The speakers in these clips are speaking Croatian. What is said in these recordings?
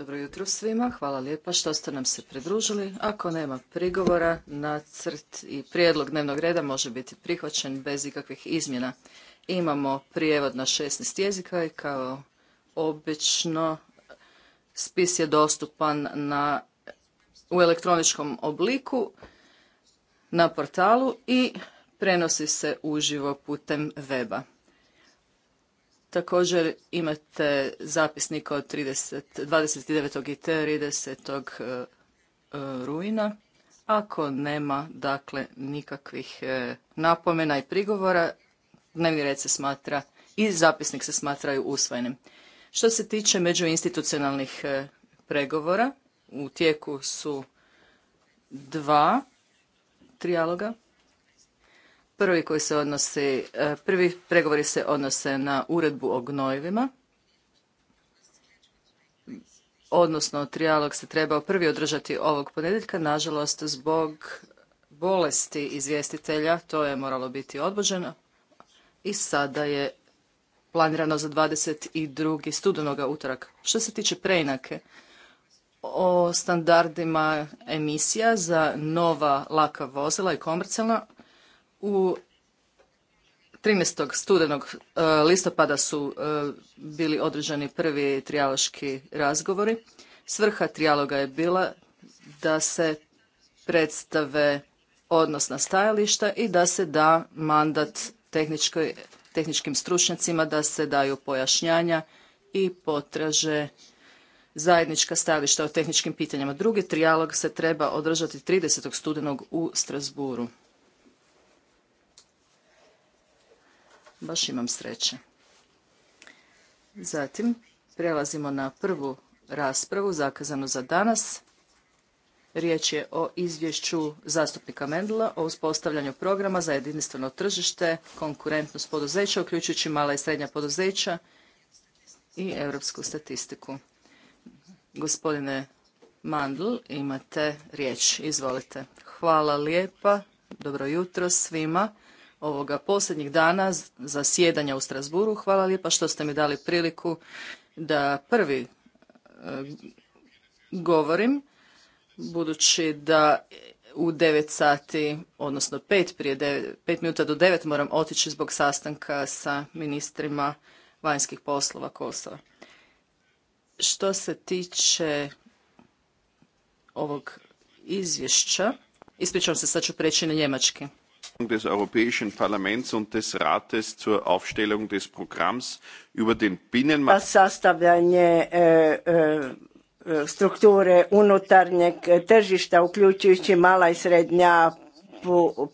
Dobro jutro svima, hvala lijepa što ste nam se pridružili. Ako nema prigovora, nacrt i prijedlog dnevnog reda može biti prihvaćen bez ikakvih izmjena. Imamo prijevod na 16 jezika i kao obično spis je dostupan u elektroničkom obliku na portalu i prenosi se uživo putem weba. Također imate zapisnik od 30, 29. i 30. E, e, rujna. Ako nema dakle nikakvih e, napomena i prigovora, dnevni red se smatra i zapisnik se smatraju usvojenim. Što se tiče međuinstitucionalnih pregovora, u tijeku su dva trijaloga. Prvi koji se odnosi, e, prvi pregovori se odnose na uredbu o gnojivima, odnosno trijalog se trebao prvi održati ovog ponedjeljka, nažalost zbog bolesti izvjestitelja, to je moralo biti odbođeno i sada je planirano za 22. studenoga utorak. Što se tiče preinake, o standardima emisija za nova laka vozila i komercijalna u 13. studenog e, listopada su e, bili održani prvi trijaloški razgovori. Svrha trijaloga je bila da se predstave odnosna stajališta i da se da mandat tehničkim stručnjacima, da se daju pojašnjanja i potraže zajednička stajališta o tehničkim pitanjima. Drugi trijalog se treba održati 30. studenog u Strasburu. Baš imam sreće. Zatim prelazimo na prvu raspravu zakazanu za danas. Riječ je o izvješću zastupnika Mendela o uspostavljanju programa za jedinstveno tržište, konkurentnost poduzeća, uključujući mala i srednja poduzeća i europsku statistiku. Gospodine Mandl, imate riječ. Izvolite. Hvala lijepa. Dobro jutro svima ovoga posljednjih dana sjedanja u Strasburu. Hvala lijepa što ste mi dali priliku da prvi e, govorim, budući da u 9 sati, odnosno 5, prije 9, 5 minuta do 9 moram otići zbog sastanka sa ministrima vanjskih poslova Kosova. Što se tiče ovog izvješća, ispričavam se, sad ću preći na njemački des Europäischen Parlaments und des Rates zur Aufstellung des Programms über den Binnenmarkt. Sastavljanje e, e, e, strukture unutarnjeg tržišta, uključujući mala i srednja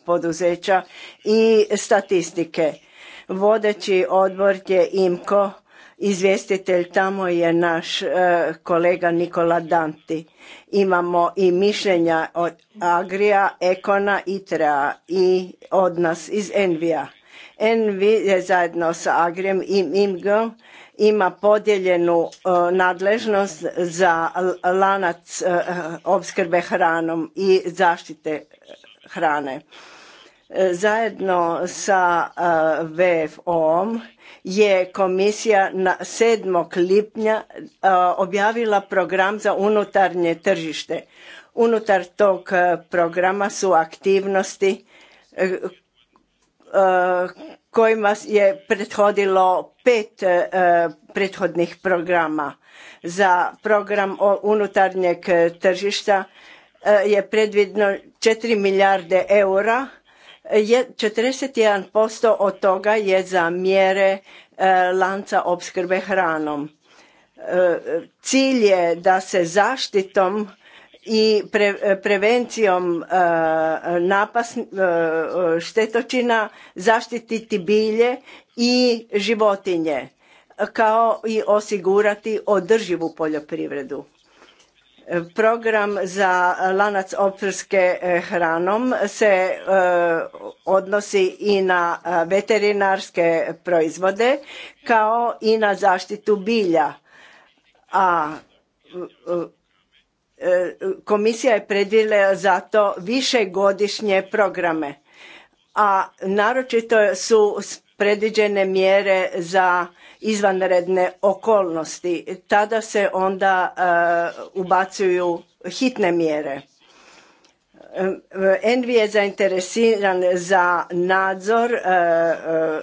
poduzeća i statistike. Vodeći odbor je IMKO Izvjestitelj tamo je naš e, kolega Nikola Danti. Imamo i mišljenja od Agrija, Ekona, Itrea i od nas iz Envija. Envi je zajedno sa Agrijem i Imgo ima podijeljenu e, nadležnost za lanac e, opskrbe hranom i zaštite hrane. E, zajedno sa e, VFO-om je komisija na 7. lipnja e, objavila program za unutarnje tržište. Unutar tog programa su aktivnosti kojima je prethodilo pet prethodnih programa. Za program unutarnjeg tržišta je predvidno 4 milijarde eura 41% od toga je za mjere e, lanca opskrbe hranom. E, cilj je da se zaštitom i prevencijom e, napas, štetočina zaštititi bilje i životinje kao i osigurati održivu poljoprivredu Program za lanac opskrbe e, hranom se e, odnosi i na e, veterinarske proizvode kao i na zaštitu bilja. A komisija je predvidjela za to višegodišnje programe a naročito su predviđene mjere za izvanredne okolnosti. Tada se onda e, ubacuju hitne mjere. Envi je zainteresiran za nadzor e, e,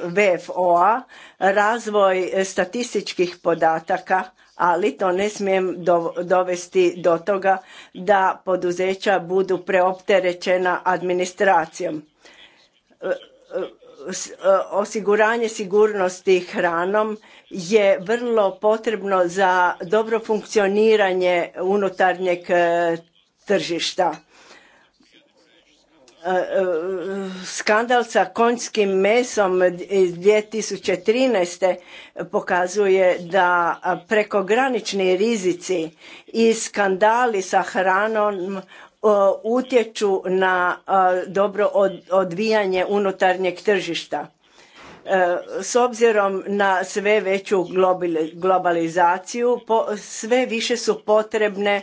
VFO-a, razvoj statističkih podataka, ali to ne smijem dovesti do toga da poduzeća budu preopterećena administracijom E, osiguranje sigurnosti hranom je vrlo potrebno za dobro funkcioniranje unutarnjeg e, tržišta. E, skandal sa konjskim mesom iz 2013. pokazuje da prekogranični rizici i skandali sa hranom E, utječu na e, dobro odvijanje unutarnjeg tržišta. E, s obzirom na sve veću globalizaciju, sve više su potrebne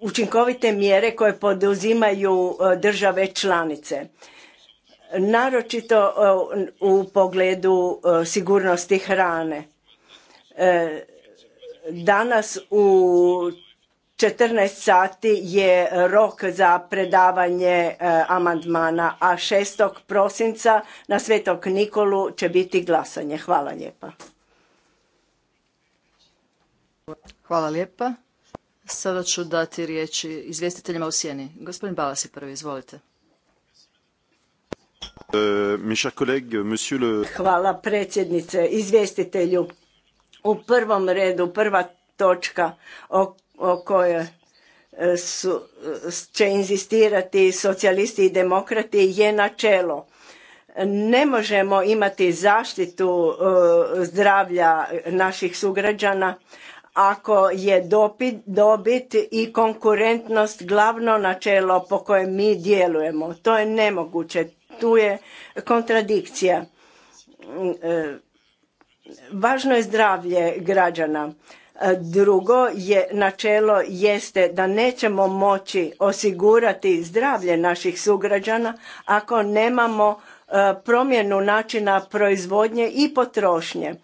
učinkovite mjere koje poduzimaju države članice naročito u pogledu sigurnosti hrane. Danas u 14 sati je rok za predavanje e, amandmana, a 6. prosinca na Svetog Nikolu će biti glasanje. Hvala lijepa. Hvala lijepa. Sada ću dati riječi izvjestiteljima u sjeni. Gospodin Balas je prvi, izvolite. E, Hvala predsjednice, izvjestitelju. U prvom redu, prva točka o koje su, će inzistirati socijalisti i demokrati je načelo. Ne možemo imati zaštitu e, zdravlja naših sugrađana ako je dobit i konkurentnost glavno načelo po kojem mi djelujemo. To je nemoguće. Tu je kontradikcija. E, važno je zdravlje građana E, drugo je načelo jeste da nećemo moći osigurati zdravlje naših sugrađana ako nemamo e, promjenu načina proizvodnje i potrošnje.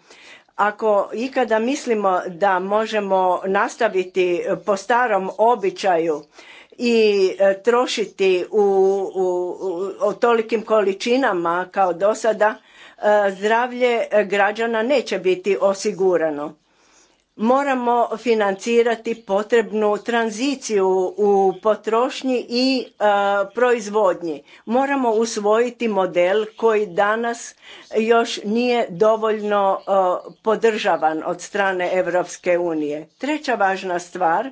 Ako ikada mislimo da možemo nastaviti po starom običaju i e, trošiti u, u tolikim količinama kao do sada, zdravlje građana neće biti osigurano moramo financirati potrebnu tranziciju u potrošnji i e, proizvodnji moramo usvojiti model koji danas još nije dovoljno e, podržavan od strane Europske unije treća važna stvar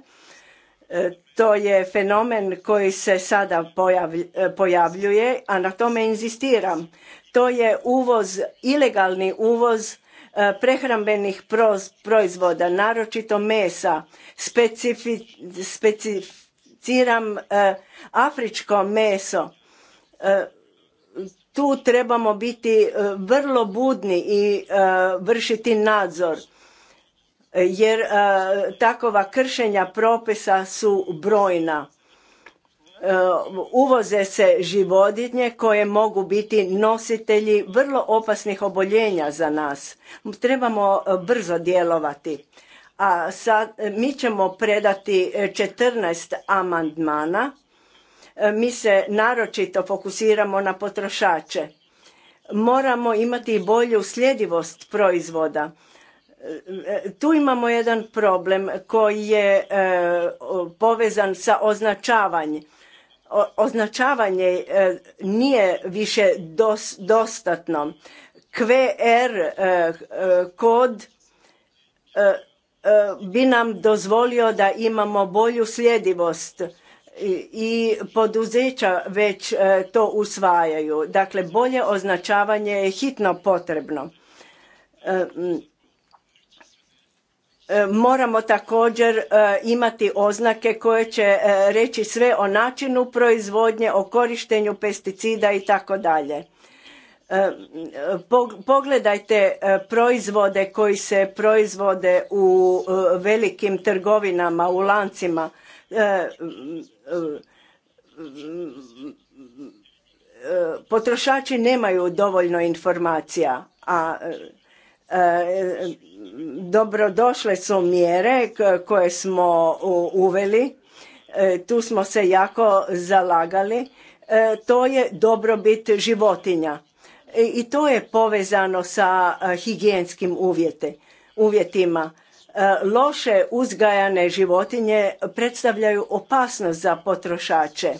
e, to je fenomen koji se sada pojavljuje a na tome inzistiram to je uvoz ilegalni uvoz E, prehrambenih proizvoda, naročito mesa. specificiram e, afričko meso. E, tu trebamo biti vrlo budni i vršiti nadzor jer takova kršenja propisa su brojna E, uvoze se životinje koje mogu biti nositelji vrlo opasnih oboljenja za nas. Trebamo e, brzo djelovati. A sad e, mi ćemo predati 14 amandmana. Mi se naročito fokusiramo na potrošače. Moramo imati bolju sljedivost proizvoda. Tu imamo jedan problem koji je povezan sa označavanjem označavanje e, nije više dostatno. QR e, e, kod bi nam dozvolio da imamo bolju sljedivost i, poduzeća već to usvajaju. Dakle, bolje označavanje je hitno potrebno. Moramo također imati oznake koje će reći sve o načinu proizvodnje, o korištenju pesticida i tako dalje. Pogledajte proizvode koji se proizvode u velikim trgovinama, u lancima. Potrošači nemaju dovoljno informacija, a E, dobrodošle su mjere koje smo uveli e, tu smo se jako zalagali e, to je dobrobit životinja i to je povezano sa higijenskim uvjetima loše uzgajane životinje predstavljaju opasnost za potrošače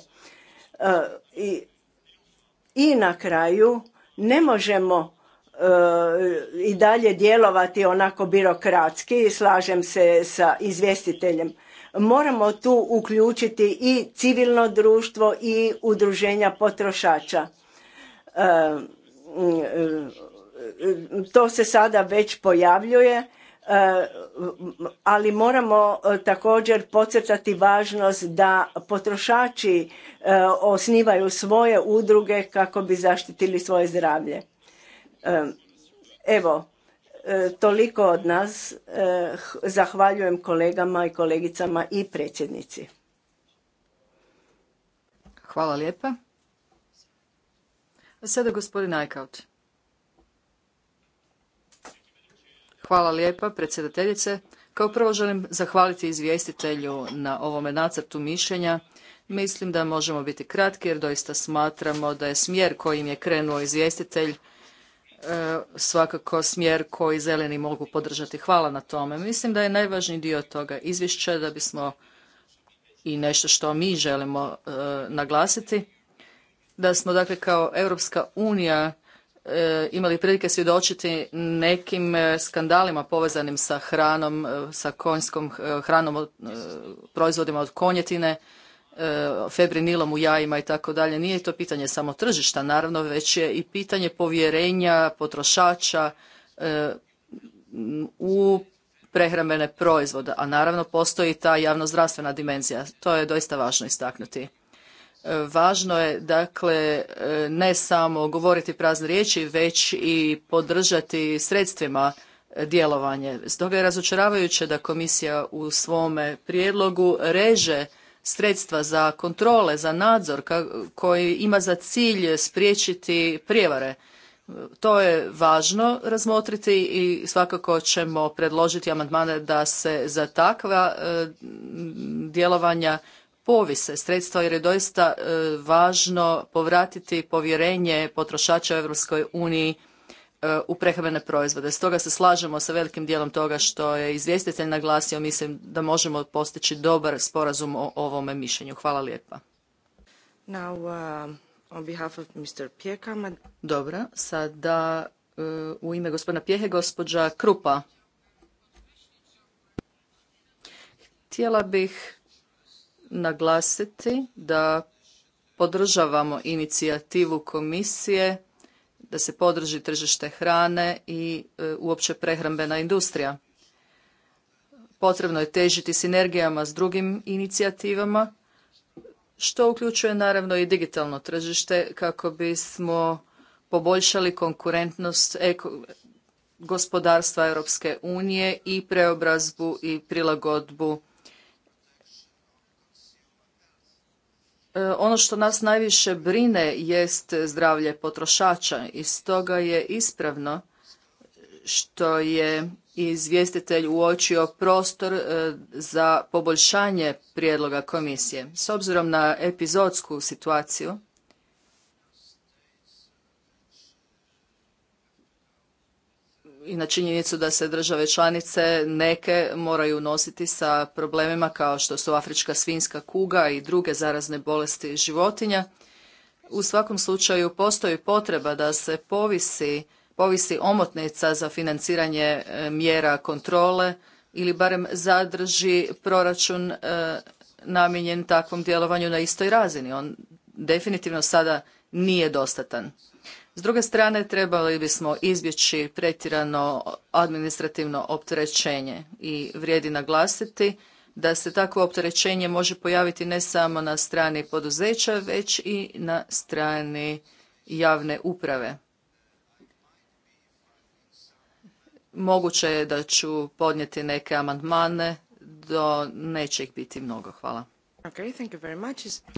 i na kraju ne možemo i dalje djelovati onako birokratski, slažem se sa izvjestiteljem. Moramo tu uključiti i civilno društvo i udruženja potrošača. E, mm, to se sada već pojavljuje, e, ali moramo e, također podcrtati važnost da potrošači osnivaju svoje udruge kako bi zaštitili svoje zdravlje Evo, e, toliko od nas. E, zahvaljujem kolegama i kolegicama i predsjednici. Hvala lijepa. sada gospodin Ajkaut. Hvala lijepa, predsjedateljice. Kao prvo želim zahvaliti izvjestitelju na ovome nacrtu mišljenja. Mislim da možemo biti kratki jer doista smatramo da je smjer kojim je krenuo izvjestitelj svakako smjer koji zeleni mogu podržati. Hvala na tome. Mislim da je najvažniji dio toga izvješća da bismo i nešto što mi želimo e, naglasiti, da smo dakle kao Europska unija e, imali prilike svjedočiti nekim e, skandalima povezanim sa hranom, sa konjskom hranom, proizvodima od konjetine, E, febrinilom u jajima i tako dalje. Nije to pitanje samo tržišta, naravno, već je i pitanje povjerenja potrošača e, u prehrambene proizvode, a naravno postoji ta javnozdravstvena dimenzija. To je doista važno istaknuti. E, važno je, dakle, ne samo govoriti prazne riječi, već i podržati sredstvima djelovanje. Stoga je razočaravajuće da komisija u svome prijedlogu reže sredstva za kontrole, za nadzor koji ima za cilj spriječiti prijevare. To je važno razmotriti i svakako ćemo predložiti amandmane da se za takva e, djelovanja povise sredstva jer je doista e, važno povratiti povjerenje potrošača u Europskoj uniji u prehrambene proizvode. Stoga se slažemo sa velikim dijelom toga što je izvjestitelj naglasio, mislim da možemo postići dobar sporazum o ovome mišljenju. Hvala lijepa. Now, uh, on behalf of Mr. dobro sada uh, u ime gospodina Pjehe, gospođa Krupa. Htjela bih naglasiti da podržavamo inicijativu komisije da se podrži tržište hrane i e, uopće prehrambena industrija. Potrebno je težiti sinergijama s drugim inicijativama, što uključuje naravno i digitalno tržište kako bismo poboljšali konkurentnost gospodarstva Europske unije i preobrazbu i prilagodbu E, ono što nas najviše brine jest zdravlje potrošača i stoga je ispravno što je izvjestitelj uočio prostor e, za poboljšanje prijedloga komisije. S obzirom na epizodsku situaciju i na činjenicu da se države članice neke moraju nositi sa problemima kao što su afrička svinska kuga i druge zarazne bolesti životinja. U svakom slučaju postoji potreba da se povisi, omotnica za financiranje e, mjera kontrole ili barem zadrži proračun e, namijenjen takvom djelovanju na istoj razini. On definitivno sada nije dostatan. S druge strane, trebali bismo izbjeći pretjerano administrativno opterećenje i vrijedi naglasiti da se takvo opterećenje može pojaviti ne samo na strani poduzeća, već i na strani javne uprave. Moguće je da ću podnijeti neke amandmane, do neće ih biti mnogo. Hvala.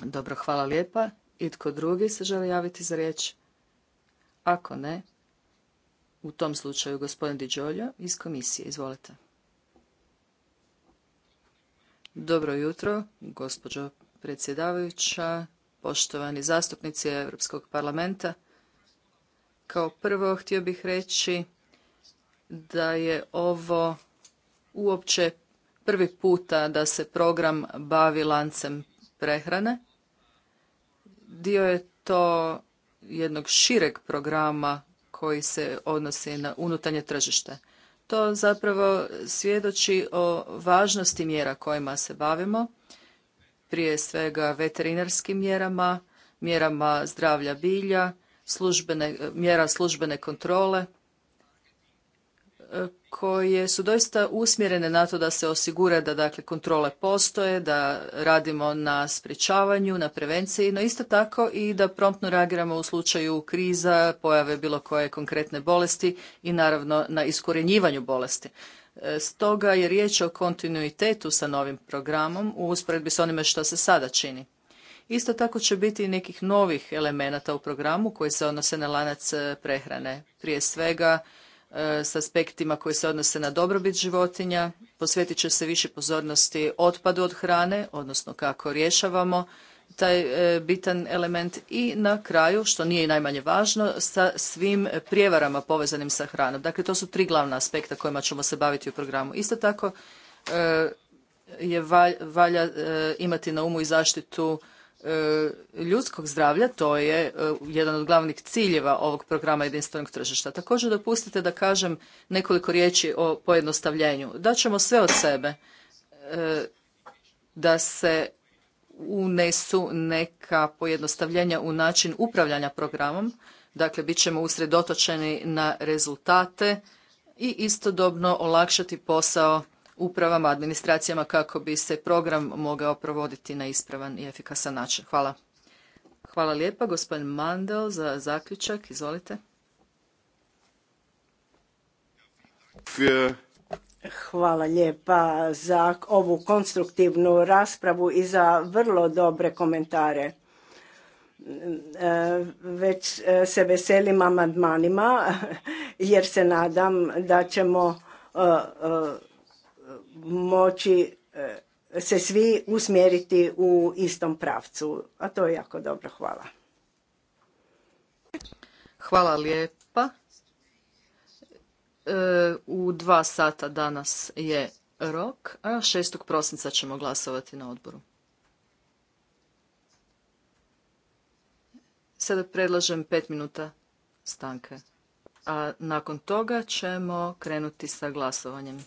Dobro, hvala lijepa. Itko drugi se želi javiti za riječ? Ako ne, u tom slučaju gospodin Diđoljo iz komisije. Izvolite. Dobro jutro, gospođo predsjedavajuća, poštovani zastupnici Europskog parlamenta. Kao prvo htio bih reći da je ovo uopće prvi puta da se program bavi lancem prehrane. Dio je to jednog šireg programa koji se odnosi na unutarnje tržište. To zapravo svjedoči o važnosti mjera kojima se bavimo, prije svega veterinarskim mjerama, mjerama zdravlja bilja, mjera službene kontrole – koje su doista usmjerene na to da se osigura da dakle kontrole postoje, da radimo na sprječavanju, na prevenciji, no isto tako i da promptno reagiramo u slučaju kriza, pojave bilo koje konkretne bolesti i naravno na iskorjenjivanju bolesti. E, stoga je riječ o kontinuitetu sa novim programom u usporedbi s onime što se sada čini. Isto tako će biti i nekih novih elemenata u programu koji se odnose na lanac e, prehrane. Prije svega E, s aspektima koji se odnose na dobrobit životinja, posvetit će se više pozornosti otpadu od hrane, odnosno kako rješavamo taj e, bitan element i na kraju, što nije i najmanje važno, sa svim prijevarama povezanim sa hranom. Dakle, to su tri glavna aspekta kojima ćemo se baviti u programu. Isto tako e, je valja imati na umu i zaštitu E, ljudskog zdravlja, to je e, jedan od glavnih ciljeva ovog programa jedinstvenog tržišta. Također dopustite da kažem nekoliko riječi o pojednostavljenju. ćemo sve od sebe e, da se unesu neka pojednostavljenja u način upravljanja programom, dakle bit ćemo usredotočeni na rezultate i istodobno olakšati posao upravama, administracijama kako bi se program mogao provoditi na ispravan i efikasan način. Hvala. Hvala lijepa. Gospodin Mandel za zaključak. Izvolite. Hvala lijepa za ovu konstruktivnu raspravu i za vrlo dobre komentare. Već se veselim amandmanima jer se nadam da ćemo moći e, se svi usmjeriti u istom pravcu. A to je jako dobro. Hvala. Hvala lijepa. E, u dva sata danas je rok, a 6. prosinca ćemo glasovati na odboru. Sada predlažem pet minuta stanke, a nakon toga ćemo krenuti sa glasovanjem.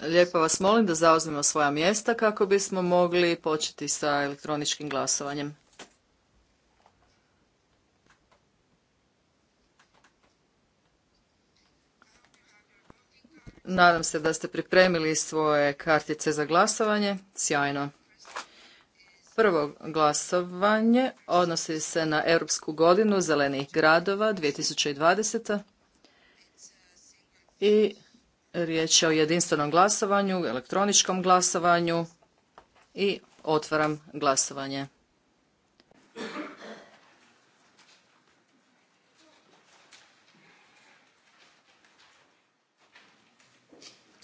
Lijepo vas molim da zauzmemo svoja mjesta kako bismo mogli početi sa elektroničkim glasovanjem. Nadam se da ste pripremili svoje kartice za glasovanje. Sjajno. Prvo glasovanje odnosi se na Europsku godinu zelenih gradova 2020 i riječ je o jedinstvenom glasovanju, elektroničkom glasovanju i otvaram glasovanje.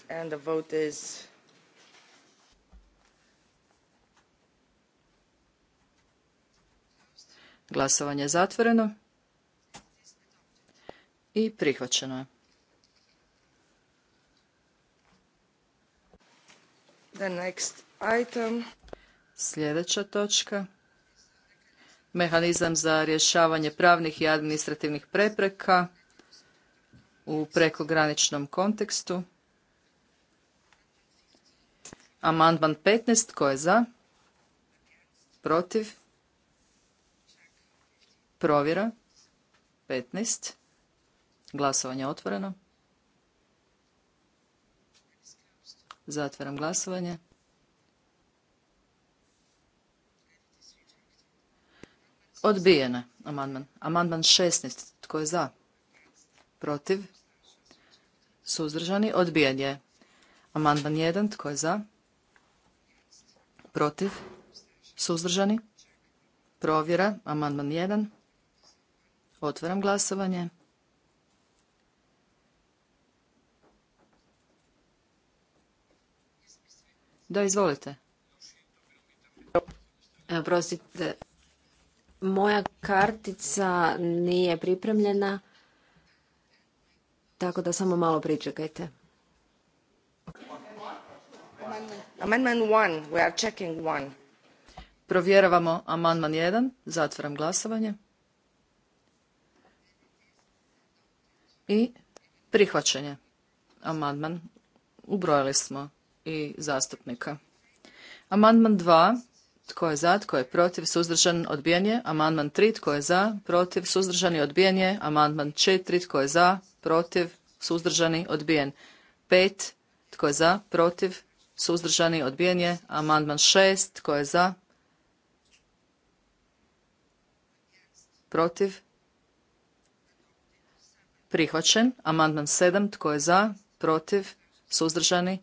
And the vote is... Glasovanje je zatvoreno i prihvaćeno je. next item. Sljedeća točka. Mehanizam za rješavanje pravnih i administrativnih prepreka u prekograničnom kontekstu. Amandman 15. Ko je za? Protiv? Provjera. 15. Glasovanje otvoreno. Zatvaram glasovanje. je amandman. Amandman 16. Tko je za? Protiv? Suzdržani? Odbijen je. Amandman 1. Tko je za? Protiv? Suzdržani? Provjera. Amandman 1. Otvaram glasovanje. Da, izvolite. Prostite, moja kartica nije pripremljena, tako da samo malo pričekajte. 1, we Provjeravamo amandman 1, zatvaram glasovanje. I prihvaćanje amandman. Ubrojali smo i zastupnika. Amandman 2. Tko je za? Tko je protiv? Suzdržan? Odbijen je. Amandman 3. Tko je za? Protiv? Suzdržani? Odbijen je. Amandman 4. Tko je za? Protiv? Suzdržani? Odbijen. 5. Tko je za? Protiv? Suzdržani? Odbijen je. Amandman 6. Tko je za? Protiv? Prihvaćen. Amandman 7. Tko je za? Protiv? Suzdržani?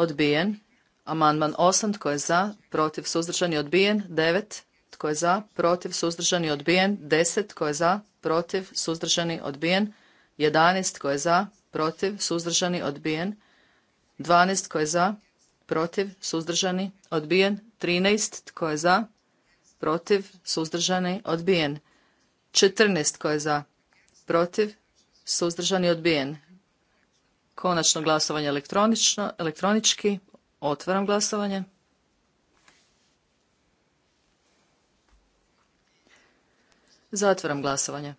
odbijen. Amandman 8, tko je za, protiv, suzdržani, odbijen. 9, tko je za, protiv, suzdržani, odbijen. 10, tko je za, protiv, suzdržani, odbijen. 11, tko je za, protiv, suzdržani, odbijen. 12, tko je za, protiv, suzdržani, odbijen. 13, tko je za, protiv, suzdržani, odbijen. 14, tko je za, protiv, suzdržani, odbijen. Konačno glasovanje elektronički. Otvaram glasovanje. Zatvaram glasovanje.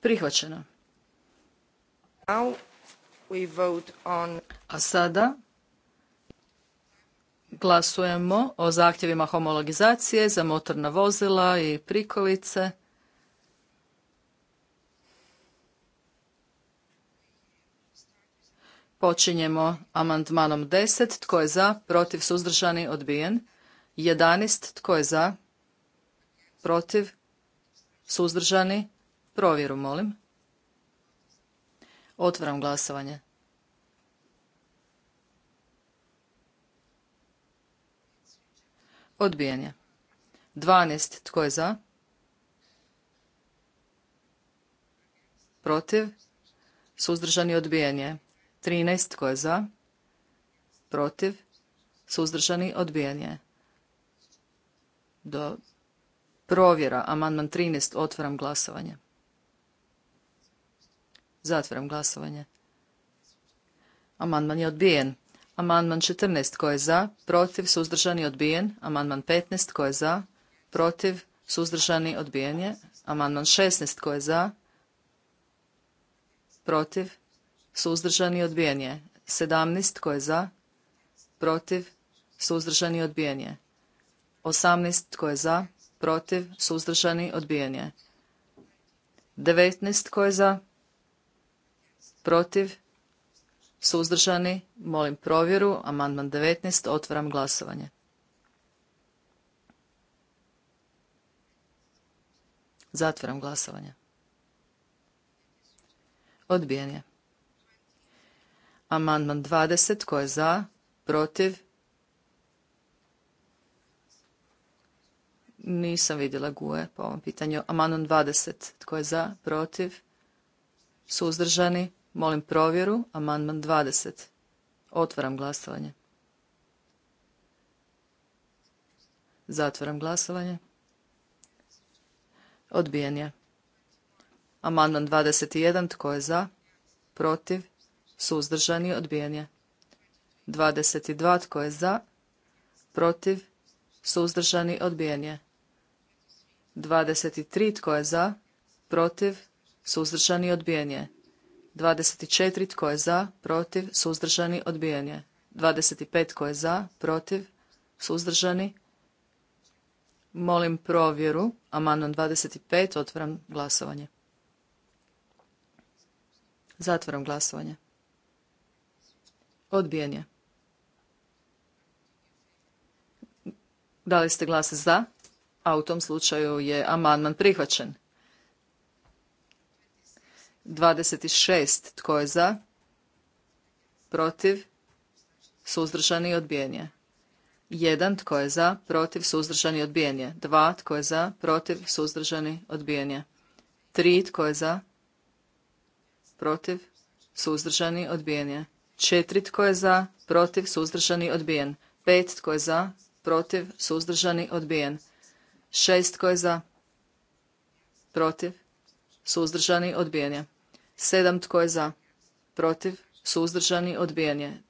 Prihvaćeno. A sada glasujemo o zahtjevima homologizacije za motorna vozila i prikolice. Počinjemo amandmanom 10. Tko je za? Protiv? Suzdržani? Odbijen. 11. Tko je za? Protiv? Suzdržani? Provjeru, molim. Otvaram glasovanje. Odbijen je. 12. Tko je za? Protiv? Suzdržani? Odbijen je. 13. Tko je za? Protiv? Suzdržani? Odbijen je. Do provjera. Amandman 13. Otvaram glasovanje. Zatvaram glasovanje. Amandman je odbijen. Amandman 14. Tko je za? Protiv? Suzdržani? Odbijen. Amandman 15. Tko je za? Protiv? Suzdržani? Odbijen je. Amandman 16. Tko je za? Protiv? suzdržani, odbijen je. 17 tko je za, protiv, suzdržani, odbijen je. 18 tko je za, protiv, suzdržani, odbijen je. 19 tko je za, protiv, suzdržani, molim provjeru, amandman 19, otvaram glasovanje. Zatvaram glasovanje. Odbijen je. Amandman 20. Tko je za? Protiv? Nisam vidjela guje po ovom pitanju. Amandman 20. Tko je za? Protiv? Suzdržani? Molim provjeru. Amandman 20. Otvaram glasovanje. Zatvaram glasovanje. Odbijen je. Amandman 21. Tko je za? Protiv? suzdržani, odbijanje. 22 tko je za, protiv, suzdržani, odbijen je. 23 tko je za, protiv, suzdržani, odbijen je. 24 tko je za, protiv, suzdržani, odbijen je. 25 tko je za, protiv, suzdržani. Molim provjeru. Amandman 25. Otvaram glasovanje. Zatvaram glasovanje. Odbijen je. ste glas za? A u tom slučaju je amandman prihvaćen. 26. Tko je za? Protiv? Suzdržani i je. 1. Tko je za? Protiv? Suzdržani odbijen je. 2. Tko je za? Protiv? Suzdržani i tri 3. Tko je za? Protiv? Suzdržani odbijen Četiri Tko je za? Protiv? Suzdržani? Odbijen. Pet Tko je za? Protiv? Suzdržani? Odbijen. Šest Tko je za? Protiv? Suzdržani? Odbijen je. 7. Tko je za? Protiv? Suzdržani? Odbijen je.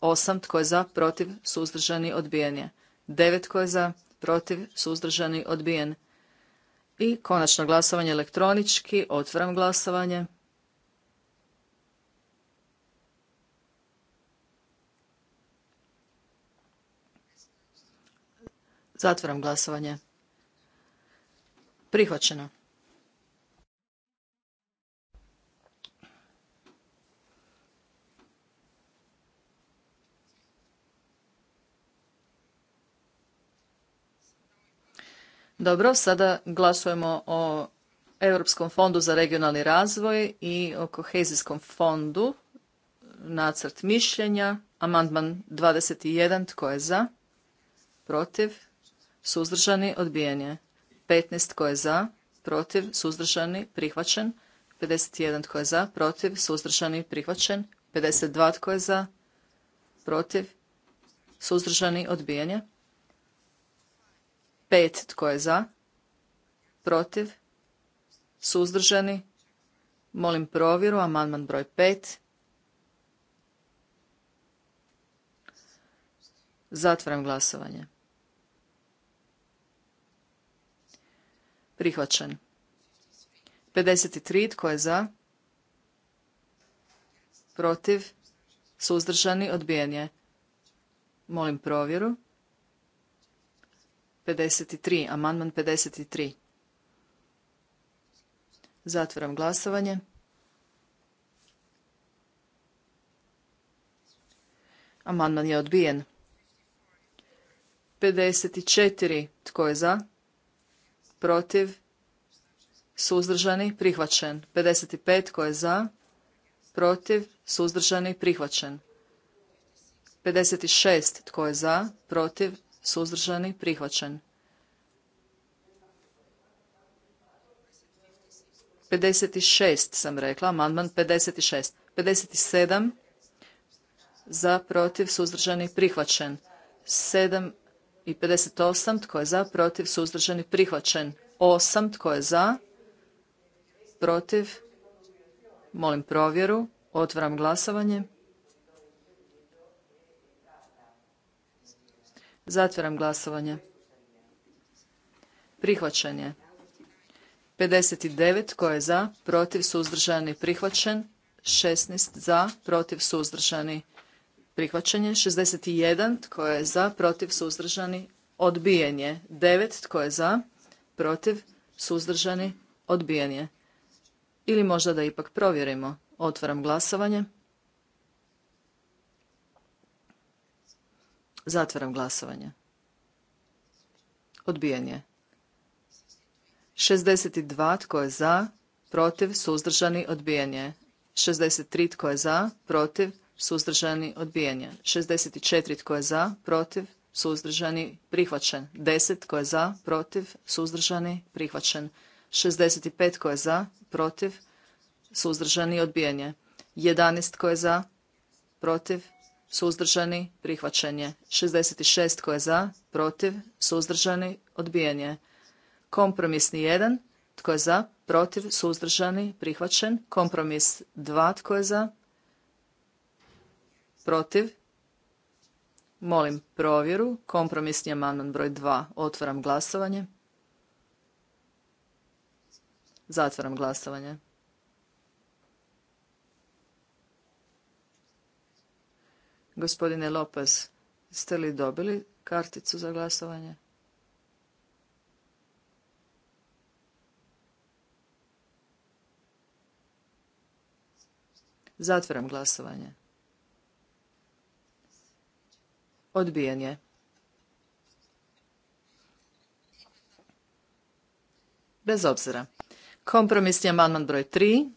8. Tko je za? Protiv? Suzdržani? Odbijen je. 9. Tko je za? Protiv? Suzdržani? Odbijen. I konačno glasovanje elektronički. Otvaram glasovanje. Zatvaram glasovanje. Prihvaćeno. Dobro, sada glasujemo o Europskom fondu za regionalni razvoj i o kohezijskom fondu. Nacrt mišljenja, amandman 21, tko je za? Protiv? suzdržani, odbijen je. 15 tko je za, protiv, suzdržani, prihvaćen. 51 tko je za, protiv, suzdržani, prihvaćen. 52 tko je za, protiv, suzdržani, odbijen je. 5 tko je za, protiv, suzdržani, molim provjeru, amandman broj 5. Zatvaram glasovanje. Prihvaćen. 53. Tko je za? Protiv? Suzdržani? Odbijen je. Molim provjeru. 53. Amandman 53. Zatvaram glasovanje. Amandman je odbijen. 54. Tko je za? protiv, suzdržani, prihvaćen. 55 tko je za, protiv, suzdržani, prihvaćen. 56 tko je za, protiv, suzdržani, prihvaćen. 56 sam rekla, amandman 56. 57 za, protiv, suzdržani, prihvaćen. 7 i 58. Tko je za? Protiv? Suzdržani? Prihvaćen. 8. Tko je za? Protiv? Molim provjeru. Otvaram glasovanje. Zatvaram glasovanje. Prihvaćen je. 59. Tko je za? Protiv? Suzdržani? Prihvaćen. 16. Za? Protiv? Suzdržani? Prihvaćanje. 61 tko je za, protiv, suzdržani, odbijen je. 9 tko je za, protiv, suzdržani, odbijen je. Ili možda da ipak provjerimo. Otvaram glasovanje. Zatvaram glasovanje. Odbijen je. 62 tko je za, protiv, suzdržani, odbijen je. 63 tko je za, protiv, suzdržani, odbijen. 64 tko je za, protiv, suzdržani, prihvaćen. 10 tko je za, protiv, suzdržani, prihvaćen. 65 tko je za, protiv, suzdržani, odbijen. 11 tko je za, protiv, suzdržani, prihvaćen je. 66 tko je za, protiv, suzdržani, odbijen je. Kompromisni 1, tko je za, protiv, suzdržani, prihvaćen. Kompromis 2, tko je za, protiv, molim provjeru, kompromisni amandman broj 2, otvaram glasovanje, zatvaram glasovanje. Gospodine Lopez, ste li dobili karticu za glasovanje? Zatvaram glasovanje. Odbijen je. Bez obzira. Kompromisni amandman broj 3.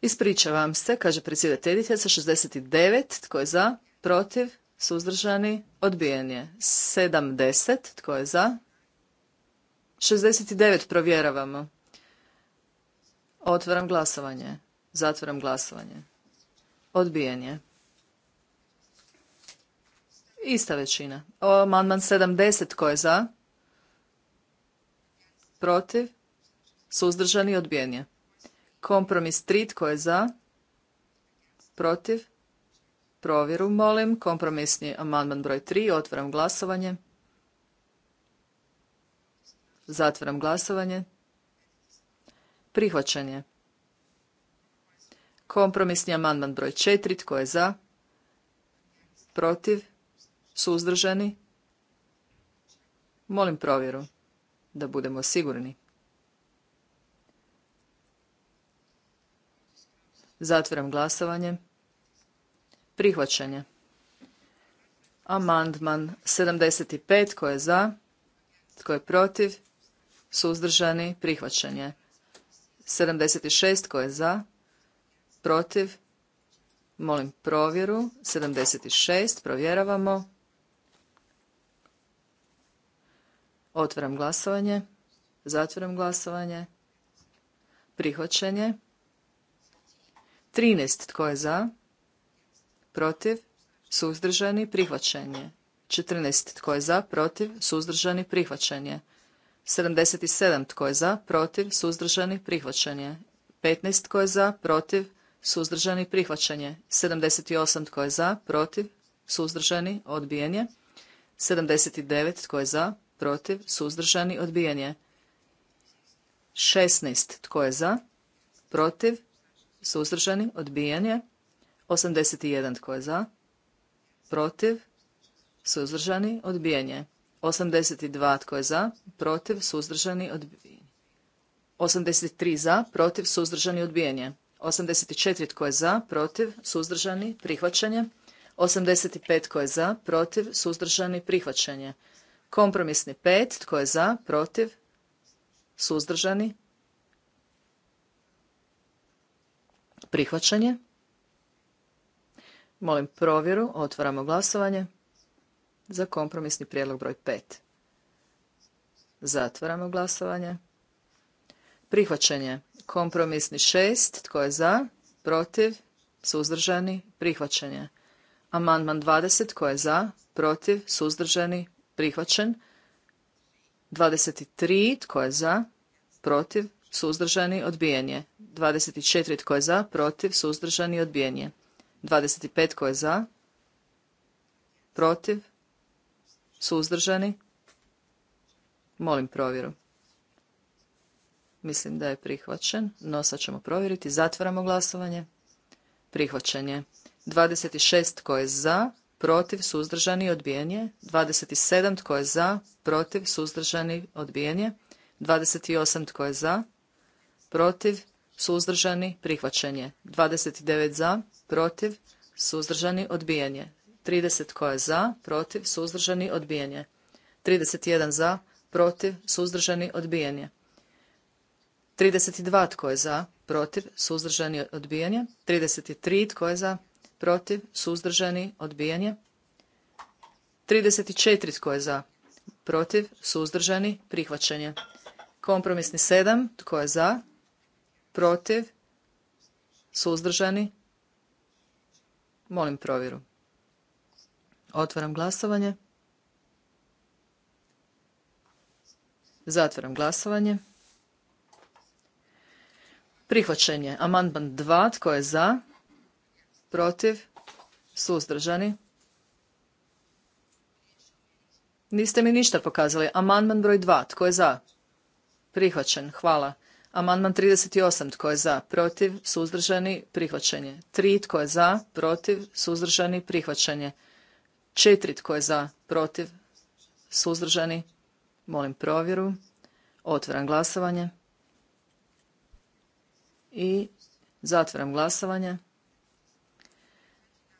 Ispričavam se, kaže predsjedateljica sa 69. Tko je za? Protiv? Suzdržani? Odbijen je. 70. Tko je za? 69. Provjeravamo. Otvaram glasovanje. Zatvaram glasovanje. Odbijen je. Ista većina. Amandman 70 tko je za? Protiv? Suzdržani odbijen je. Kompromis 3 tko je za? Protiv? Provjeru molim. Kompromisni amandman broj 3. Otvaram glasovanje. Zatvaram glasovanje. Prihvaćen je. Kompromisni amandman broj 4. Tko je za? Protiv? Suzdržani? Molim provjeru, da budemo sigurni. Zatvaram glasovanje. Prihvaćanje. Amandman 75. Tko je za? Tko je protiv? Suzdržani? Prihvaćanje. 76. Tko je za? Protiv? Molim provjeru. 76. Provjeravamo. Otvaram glasovanje. Zatvaram glasovanje. Prihvaćen je. 13. Tko je za? Protiv? Suzdržani? Prihvaćen je. 14. Tko je za? Protiv? Suzdržani? Prihvaćen je. 77. Tko je za? Protiv? Suzdržani? Prihvaćen je. 15. Tko je za? Protiv? Suzdržani? Prihvaćen je. 78. Tko je za? Protiv? Suzdržani? Odbijen je. 79. Tko je za? protiv, suzdržani, odbijen je. 16. Tko je za? Protiv, suzdržani, odbijen je. 81. Tko je za? Protiv, suzdržani, odbijen je. 82. Tko je za? Protiv, suzdržani, odbijen 83 za, protiv, suzdržani, odbijen je. 84 tko je za, protiv, suzdržani, prihvaćanje. 85 tko je za, protiv, suzdržani, prihvaćanje. Kompromisni pet, Tko je za? Protiv? Suzdržani? Prihvaćanje. Molim provjeru. Otvaramo glasovanje za kompromisni prijedlog broj pet. Zatvaramo glasovanje. Prihvaćanje. Kompromisni šest, Tko je za? Protiv? Suzdržani? Prihvaćanje. Amandman 20. Tko je za? Protiv? Suzdržani? prihvaćen. 23 tko je za, protiv, suzdržani, odbijen je. 24 tko je za, protiv, suzdržani, odbijen je. 25 tko je za, protiv, suzdržani. Molim provjeru. Mislim da je prihvaćen, no sad ćemo provjeriti. Zatvaramo glasovanje. Prihvaćen je. 26 tko je za, protiv, suzdržani, odbijanje, 27. Tko je za? Protiv, suzdržani, odbijanje, 28. Tko je za? Protiv, suzdržani, prihvaćanje, 29. Za? Protiv, suzdržani, odbijanje, 30. Tko je za? Protiv, suzdržani, odbijanje, 31. Za? Protiv, suzdržani, odbijanje, 32. Tko je za? Protiv, suzdržani, odbijanje, 33. Tko je za? protiv, suzdržani, odbijanje. 34 tko je za, protiv, suzdržani, prihvaćanje Kompromisni 7 tko je za, protiv, suzdržani, molim provjeru. Otvaram glasovanje. Zatvaram glasovanje. Prihvaćen je amandman 2. Tko je za? protiv, suzdržani. Niste mi ništa pokazali. Amandman broj 2. Tko je za? Prihvaćen. Hvala. Amandman 38. Tko je za? Protiv, suzdržani, prihvaćanje. 3. Tko je za? Protiv, suzdržani, prihvaćanje. 4. Tko je za? Protiv, suzdržani. Molim provjeru. Otvaram glasovanje. I zatvaram glasovanje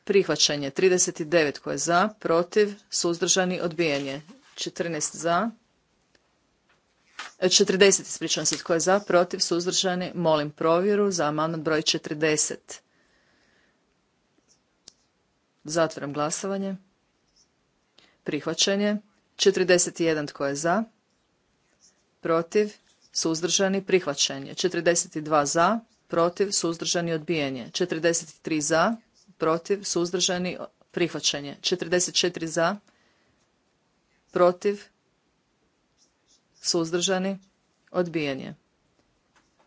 prihvaćanje. 39 koje je za, protiv, suzdržani, odbijanje. 14 za, 40, e, ispričavam se, tko je za, protiv, suzdržani, molim provjeru za amandman broj 40. Zatvaram glasovanje. Prihvaćanje. 41 tko je za, protiv, suzdržani, prihvaćanje. 42 za, protiv, suzdržani, odbijanje. 43 za, protiv, suzdržani, prihvaćanje. 44 za, protiv, suzdržani, odbijanje.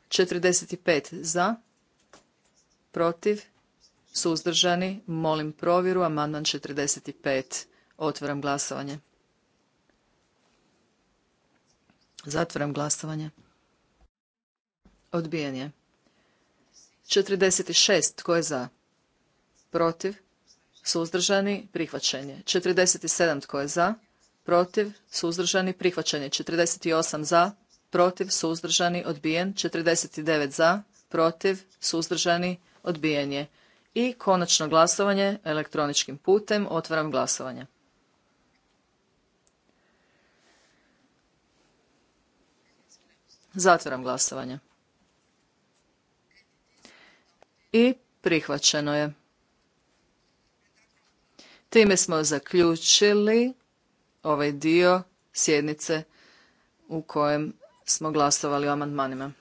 45 za, protiv, suzdržani, molim provjeru, amandman 45. Otvaram glasovanje. Zatvaram glasovanje. Odbijen je. 46. Tko je za? protiv, suzdržani, prihvaćenje. 47 tko je za, protiv, suzdržani, prihvaćenje. 48 za, protiv, suzdržani, odbijen. 49 za, protiv, suzdržani, odbijen je. I konačno glasovanje elektroničkim putem. Otvaram glasovanje. Zatvaram glasovanje. I prihvaćeno je. Time smo zaključili ovaj dio sjednice u kojem smo glasovali o amandmanima.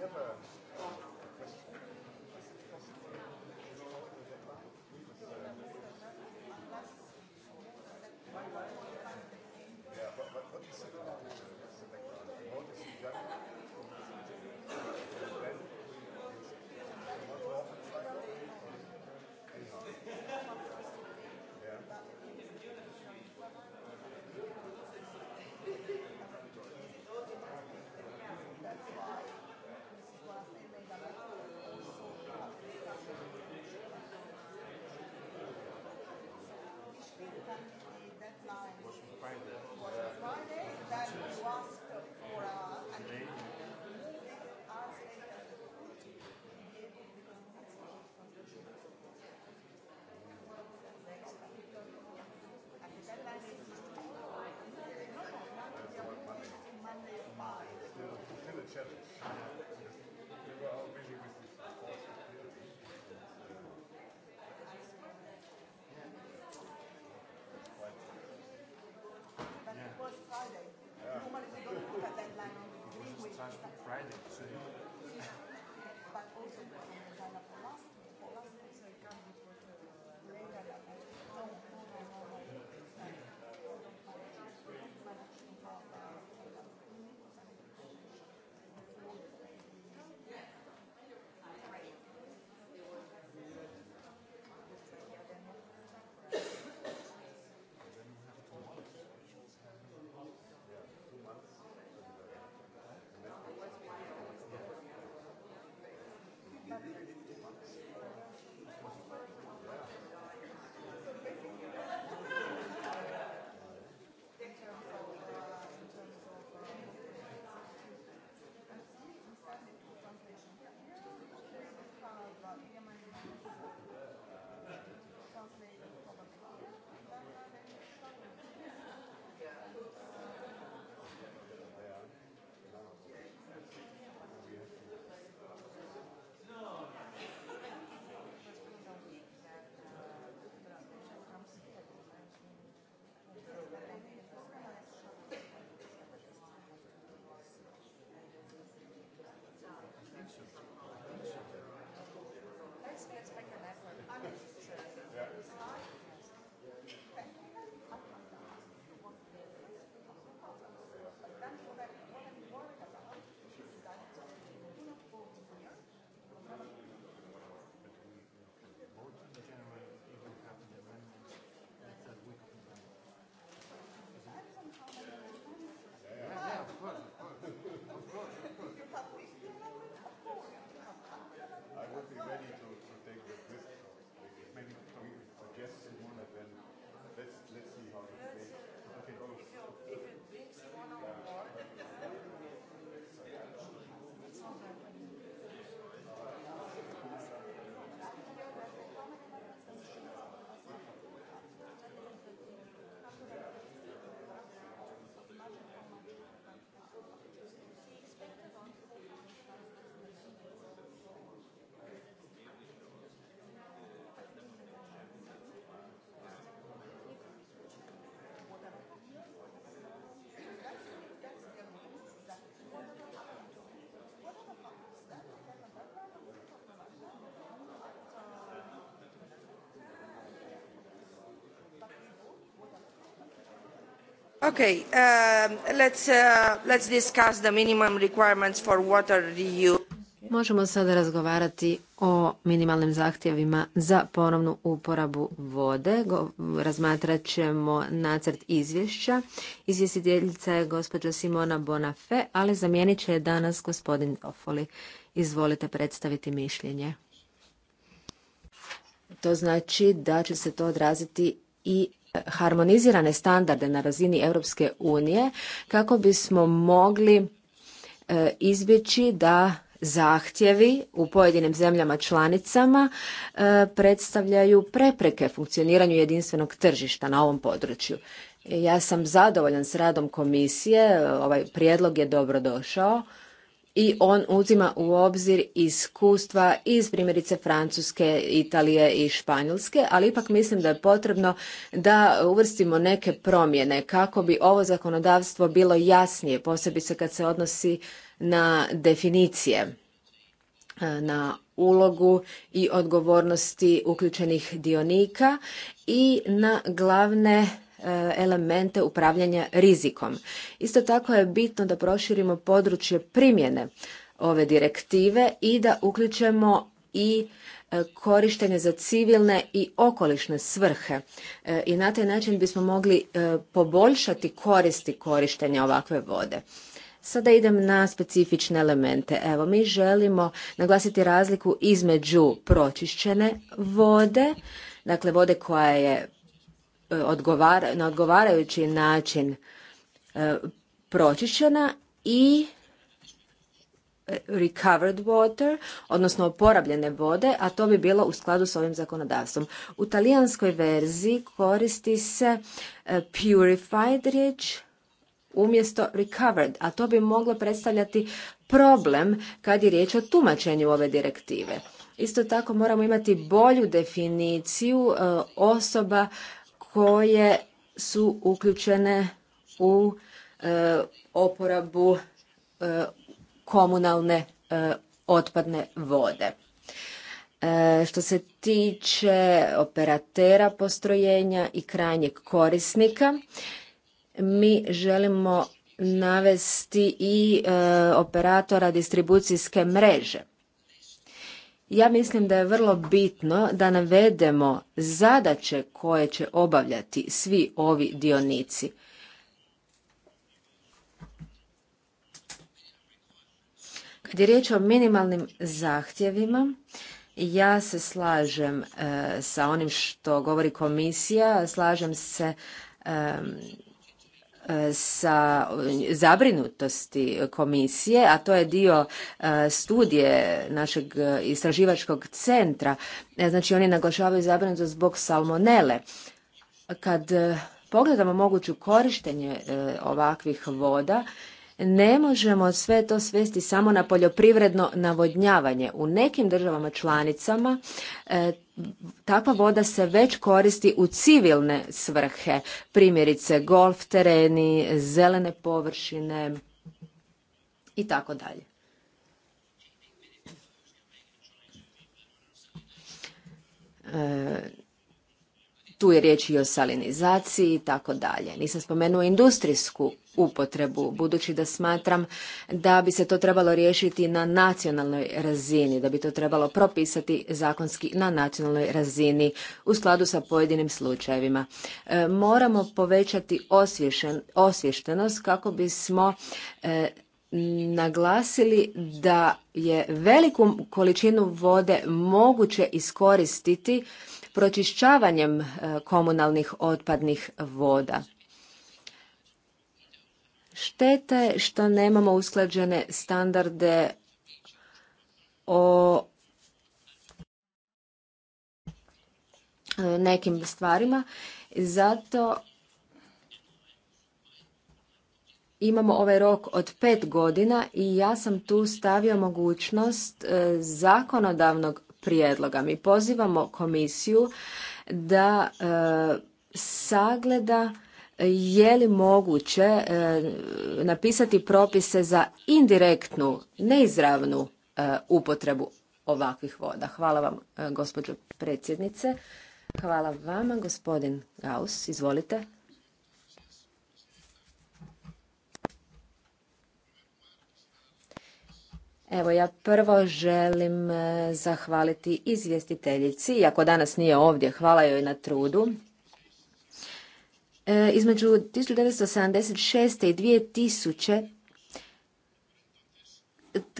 lijepa. Friday. Yeah. Normally we don't look at that line on the Friday. but also Okay, um, let's, uh, let's discuss the minimum requirements for water reuse. Možemo sada razgovarati o minimalnim zahtjevima za ponovnu uporabu vode. Razmatrat ćemo nacrt izvješća. Izvjestiteljica je gospođa Simona Bonafe, ali zamijenit će je danas gospodin Dofoli. Izvolite predstaviti mišljenje. To znači da će se to odraziti i harmonizirane standarde na razini Europske unije kako bismo mogli e, izbjeći da zahtjevi u pojedinim zemljama članicama e, predstavljaju prepreke funkcioniranju jedinstvenog tržišta na ovom području. Ja sam zadovoljan s radom komisije, ovaj prijedlog je dobro došao i on uzima u obzir iskustva iz primjerice Francuske, Italije i Španjolske, ali ipak mislim da je potrebno da uvrstimo neke promjene kako bi ovo zakonodavstvo bilo jasnije, posebice kad se odnosi na definicije, e, na ulogu i odgovornosti uključenih dionika i na glavne Eh, elemente upravljanja rizikom. Isto tako je bitno da proširimo područje primjene ove direktive i da uključemo i eh, korištenje za civilne i okolišne svrhe. Eh, I na taj način bismo mogli poboljšati koristi korištenja ovakve vode. Sada idem na specifične elemente. Evo, mi želimo naglasiti razliku između pročišćene vode, dakle vode koja je odgovara, na odgovarajući način e, pročišćena i e, recovered water, odnosno oporabljene vode, a to bi bilo u skladu s ovim zakonodavstvom. U talijanskoj verziji koristi se e, purified riječ umjesto recovered, a to bi moglo predstavljati problem kad je riječ o tumačenju ove direktive. Isto tako moramo imati bolju definiciju osoba koje su uključene u e, oporabu e, komunalne e, otpadne vode. Što se tiče operatera postrojenja i krajnjeg korisnika, mi želimo navesti i operatora distribucijske mreže ja mislim da je vrlo bitno da navedemo zadaće koje će obavljati svi ovi dionici. Kad je riječ o minimalnim zahtjevima, ja se slažem e, sa onim što govori komisija, slažem se E, sa e, zabrinutosti komisije, a to je dio e, studije našeg istraživačkog centra. Znači oni naglašavaju zabrinutost zbog salmonele. Kad pogledamo moguću korištenje ovakvih voda, ne možemo sve to svesti samo na poljoprivredno navodnjavanje. U nekim državama članicama takva voda se već koristi u civilne svrhe, primjerice golf tereni, zelene površine i tako dalje. E, tu je riječ i o salinizaciji i tako dalje. Nisam spomenuo industrijsku upotrebu, budući da smatram da bi se to trebalo riješiti na nacionalnoj razini, da bi to trebalo propisati zakonski na nacionalnoj razini u skladu sa pojedinim slučajevima. E, moramo povećati osviještenost osvještenost kako bismo e, naglasili da je veliku količinu vode moguće iskoristiti pročišćavanjem e, komunalnih otpadnih voda. Štete što nemamo usklađene standarde o e, nekim stvarima, zato imamo ovaj rok od pet godina i ja sam tu stavio mogućnost e, zakonodavnog prijedloga. Mi pozivamo komisiju da e, sagleda je li moguće e, napisati propise za indirektnu, neizravnu e, upotrebu ovakvih voda. Hvala vam, gospođo predsjednice. Hvala vama, gospodin Gauss. Izvolite. Evo ja prvo želim e, zahvaliti izvjestiteljici, iako danas nije ovdje, hvala joj na trudu. E, između 1976. i 2000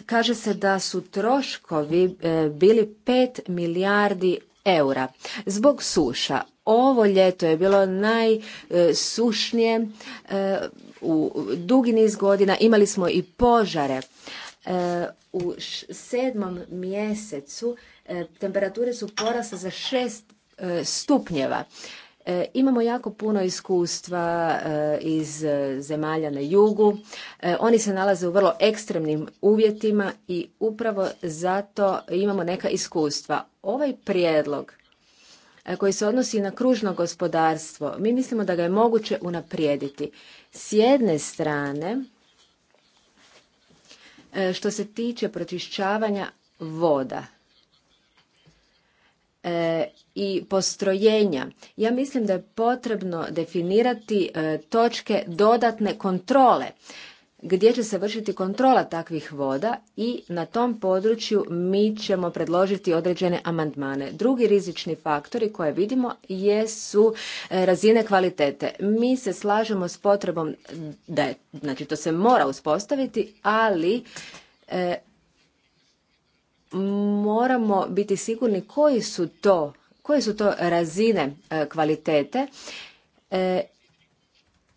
kaže se da su troškovi e, bili 5 milijardi eura zbog suša. Ovo ljeto je bilo najsušnije e, u dugi niz godina. Imali smo i požare. E, u sedmom mjesecu e, temperature su porasle za šest e, stupnjeva. Imamo jako puno iskustva iz zemalja na jugu. Oni se nalaze u vrlo ekstremnim uvjetima i upravo zato imamo neka iskustva. Ovaj prijedlog koji se odnosi na kružno gospodarstvo, mi mislimo da ga je moguće unaprijediti. S jedne strane, E, što se tiče pročišćavanja voda e, i postrojenja, ja mislim da je potrebno definirati e, točke dodatne kontrole gdje će se vršiti kontrola takvih voda i na tom području mi ćemo predložiti određene amandmane. Drugi rizični faktori koje vidimo jesu e, razine kvalitete. Mi se slažemo s potrebom da je, znači to se mora uspostaviti, ali e, moramo biti sigurni koji su to, koje su to razine e, kvalitete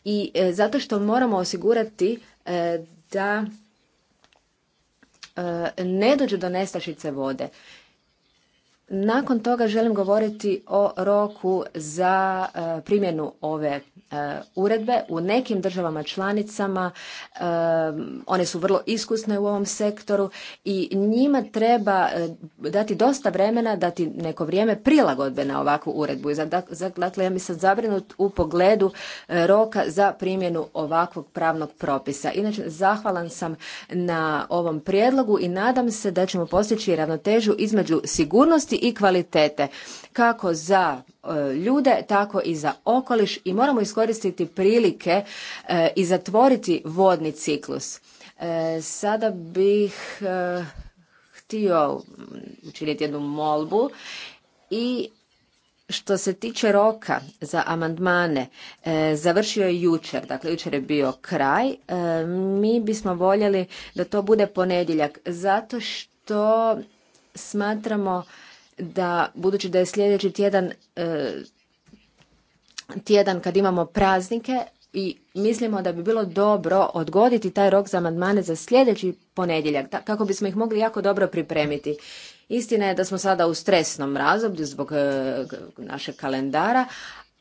i zato što moramo osigurati E, da e, ne dođe do nestašice vode. Nakon toga želim govoriti o roku za e, primjenu ove e, uredbe. U nekim državama članicama e, one su vrlo iskusne u ovom sektoru i njima treba dati dosta vremena, dati neko vrijeme prilagodbe na ovakvu uredbu. Dakle, ja mi sam zabrinut u pogledu roka za primjenu ovakvog pravnog propisa. Inače, zahvalan sam na ovom prijedlogu i nadam se da ćemo postići ravnotežu između sigurnosti i kvalitete kako za e, ljude, tako i za okoliš i moramo iskoristiti prilike e, i zatvoriti vodni ciklus. E, sada bih htio učiniti jednu molbu i što se tiče roka za amandmane, završio je jučer, dakle jučer je bio kraj. mi bismo voljeli da to bude ponedjeljak, zato što smatramo da budući da je sljedeći tjedan e, tjedan kad imamo praznike i mislimo da bi bilo dobro odgoditi taj rok za amandmane za sljedeći ponedjeljak kako bismo ih mogli jako dobro pripremiti. Istina je da smo sada u stresnom razdoblju zbog e, našeg kalendara,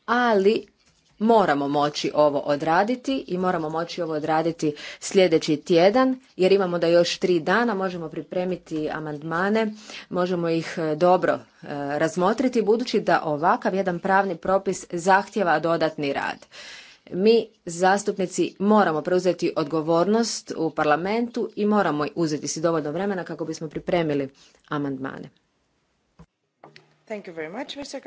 ali moramo moći ovo odraditi i moramo moći ovo odraditi sljedeći tjedan jer imamo da još tri dana možemo pripremiti amandmane, možemo ih e, dobro e, razmotriti budući da ovakav jedan pravni propis zahtjeva dodatni rad. Mi zastupnici moramo preuzeti odgovornost u parlamentu i moramo uzeti si dovoljno vremena kako bismo pripremili amandmane. Thank you very much, Mr.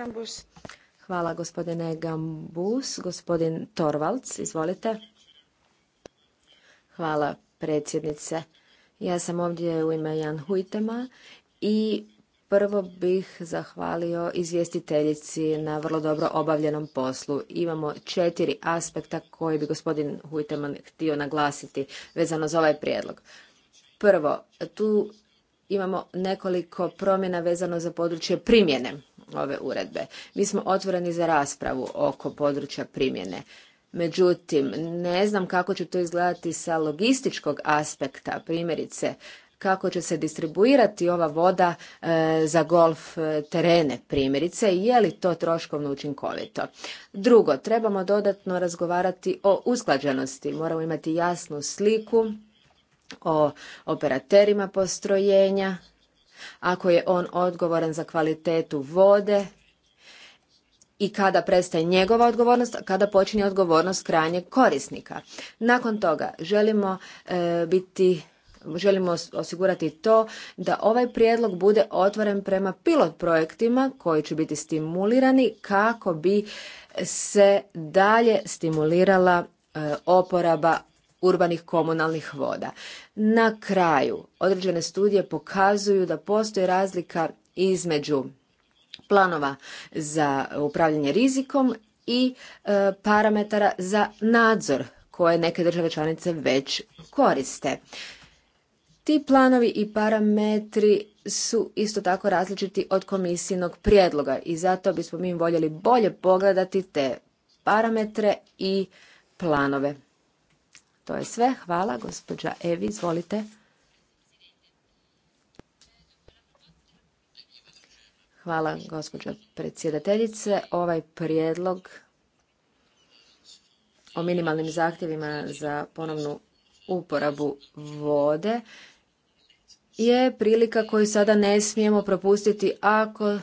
Hvala gospodine Gambus. Gospodin Torvalds, izvolite. Hvala predsjednice. Ja sam ovdje u ime Jan Huitema i prvo bih zahvalio izvjestiteljici na vrlo dobro obavljenom poslu. Imamo četiri aspekta koje bi gospodin Huiteman htio naglasiti vezano za ovaj prijedlog. Prvo, tu imamo nekoliko promjena vezano za područje primjene ove uredbe. Mi smo otvoreni za raspravu oko područja primjene. Međutim, ne znam kako će to izgledati sa logističkog aspekta, primjerice kako će se distribuirati ova voda e, za golf e, terene primjerice i je li to troškovno učinkovito. Drugo, trebamo dodatno razgovarati o usklađenosti. Moramo imati jasnu sliku o operaterima postrojenja, ako je on odgovoran za kvalitetu vode i kada prestaje njegova odgovornost, kada počinje odgovornost krajnjeg korisnika. Nakon toga želimo e, biti želimo osigurati to da ovaj prijedlog bude otvoren prema pilot projektima koji će biti stimulirani kako bi se dalje stimulirala e, oporaba urbanih komunalnih voda. Na kraju, određene studije pokazuju da postoji razlika između planova za upravljanje rizikom i e, parametara za nadzor koje neke države članice već koriste. Ti planovi i parametri su isto tako različiti od komisijnog prijedloga i zato bismo mi voljeli bolje pogledati te parametre i planove. To je sve. Hvala. Gospođa Evi, izvolite. Hvala, gospođa predsjedateljice. Ovaj prijedlog o minimalnim zahtjevima za ponovnu uporabu vode je prilika koju sada ne smijemo propustiti ako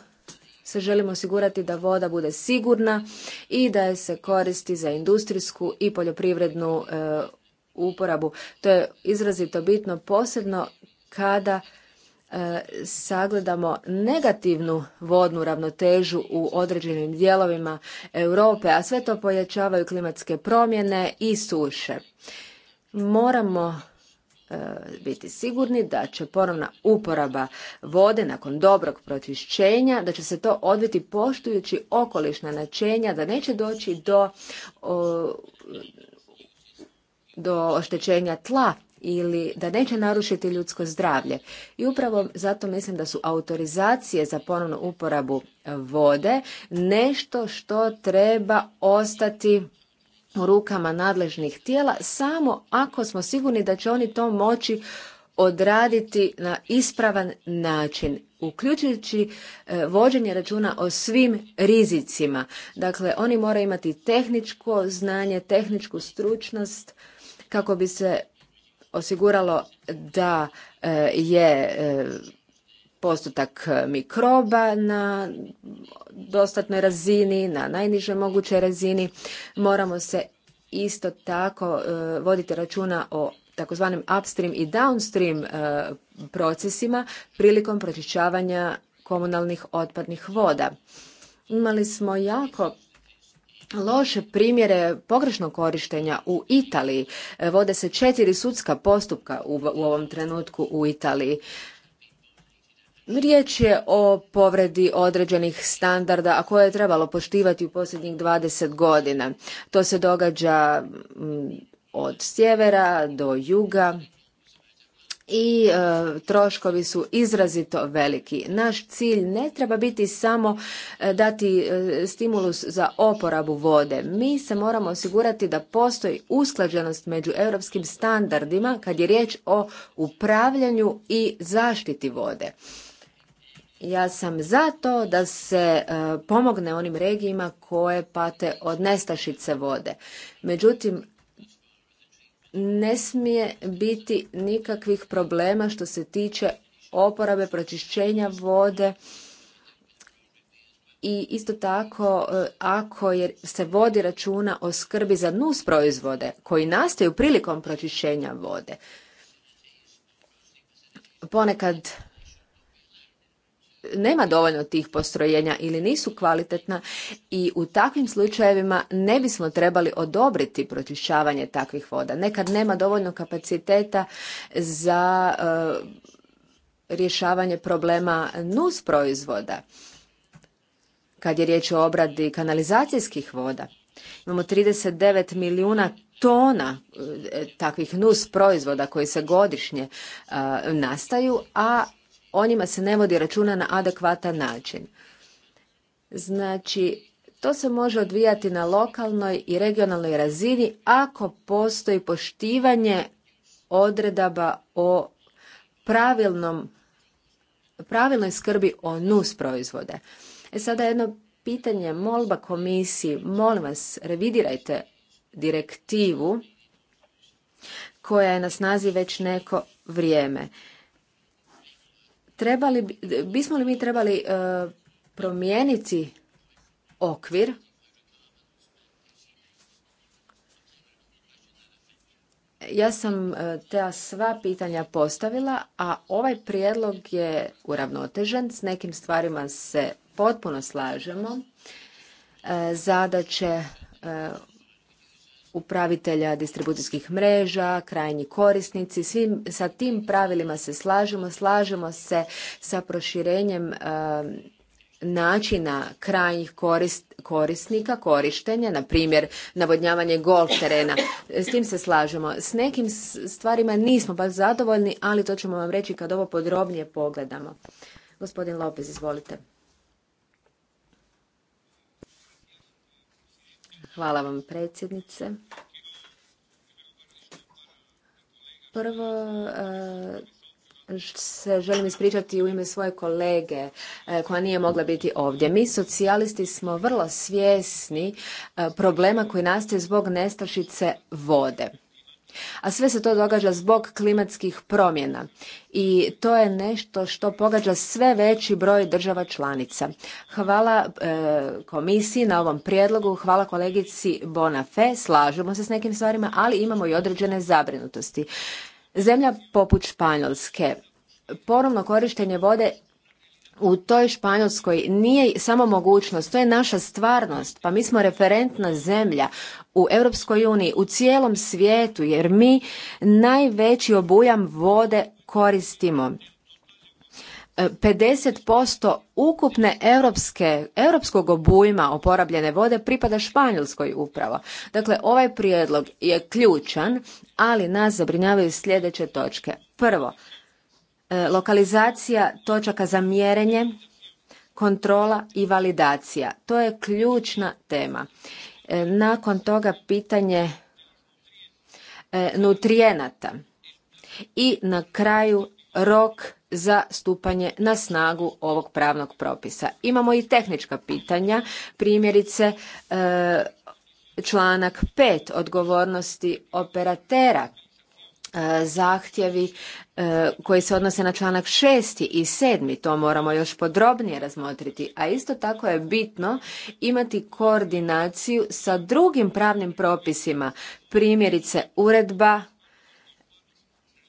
se želimo osigurati da voda bude sigurna i da je se koristi za industrijsku i poljoprivrednu e, uporabu. To je izrazito bitno posebno kada e, sagledamo negativnu vodnu ravnotežu u određenim dijelovima Europe, a sve to pojačavaju klimatske promjene i suše. Moramo e, biti sigurni da će ponovna uporaba vode nakon dobrog pročišćenja, da će se to odviti poštujući okolišna načenja, da neće doći do do oštećenja tla ili da neće narušiti ljudsko zdravlje. I upravo zato mislim da su autorizacije za ponovnu uporabu vode nešto što treba ostati u rukama nadležnih tijela samo ako smo sigurni da će oni to moći odraditi na ispravan način uključujući e, vođenje računa o svim rizicima. Dakle, oni moraju imati tehničko znanje, tehničku stručnost kako bi se osiguralo da e, je e, postotak mikroba na dostatnoj razini, na najniže mogućoj razini. Moramo se isto tako e, voditi računa o takozvanim upstream i downstream procesima prilikom pročišćavanja komunalnih otpadnih voda. Imali smo jako loše primjere pogrešnog korištenja u Italiji. E, vode se četiri sudska postupka u, ovom trenutku u Italiji. Riječ je o povredi određenih standarda, a koje je trebalo poštivati u posljednjih 20 godina. To se događa mm, od sjevera do juga, i e, troškovi su izrazito veliki. Naš cilj ne treba biti samo e, dati e, stimulus za oporabu vode. Mi se moramo osigurati da postoji usklađenost među europskim standardima kad je riječ o upravljanju i zaštiti vode. Ja sam za to da se pomogne onim regijima koje pate od nestašice vode. Međutim ne smije biti nikakvih problema što se tiče oporabe, pročišćenja vode i isto tako e, ako se vodi računa o skrbi za nus proizvode koji nastaju prilikom pročišćenja vode. Ponekad nema dovoljno tih postrojenja ili nisu kvalitetna i u takvim slučajevima ne bismo trebali odobriti pročišćavanje takvih voda. Nekad nema dovoljno kapaciteta za e, rješavanje problema nus proizvoda kad je riječ o obradi kanalizacijskih voda. Imamo 39 milijuna tona e, takvih nus proizvoda koji se godišnje e, nastaju, a o njima se ne vodi računa na adekvatan način. Znači, to se može odvijati na lokalnoj i regionalnoj razini ako postoji poštivanje odredaba o pravilnom, pravilnoj skrbi o nus proizvode. E sada jedno pitanje, molba komisiji, molim vas, revidirajte direktivu koja je na snazi već neko vrijeme trebali, bismo li mi trebali e, promijeniti okvir Ja sam e, te sva pitanja postavila, a ovaj prijedlog je uravnotežen. S nekim stvarima se potpuno slažemo. E, zadaće upravitelja distribucijskih mreža, krajnji korisnici. Svim, sa tim pravilima se slažemo. Slažemo se sa proširenjem um, načina krajnjih korisnika, korištenja, na primjer navodnjavanje golf terena. S tim se slažemo. S nekim stvarima nismo baš zadovoljni, ali to ćemo vam reći kad ovo podrobnije pogledamo. Gospodin Lopez, izvolite. Hvala vam predsjednice. Prvo e, se želim ispričati u ime svoje kolege e, koja nije mogla biti ovdje. Mi socijalisti smo vrlo svjesni e, problema koji nastaje zbog nestašice vode. A sve se to događa zbog klimatskih promjena i to je nešto što pogađa sve veći broj država članica. Hvala e, komisiji na ovom prijedlogu, hvala kolegici Bonafé, slažemo se s nekim stvarima, ali imamo i određene zabrinutosti. Zemlja poput Španjolske ponovno korištenje vode u toj Španjolskoj nije samo mogućnost, to je naša stvarnost. Pa mi smo referentna zemlja u Europskoj uniji, u cijelom svijetu, jer mi najveći obujam vode koristimo. 50% e, ukupne europske, europskog obujma oporabljene vode pripada Španjolskoj upravo. Dakle, ovaj prijedlog je ključan, ali nas zabrinjavaju sljedeće točke. Prvo, E, lokalizacija točaka za mjerenje, kontrola i validacija. To je ključna tema. E, nakon toga pitanje e, nutrijenata i na kraju rok za stupanje na snagu ovog pravnog propisa. Imamo i tehnička pitanja, primjerice članak 5 odgovornosti operatera E, zahtjevi e, koji se odnose na članak 6. i 7. To moramo još podrobnije razmotriti. A isto tako je bitno imati koordinaciju sa drugim pravnim propisima. Primjerice uredba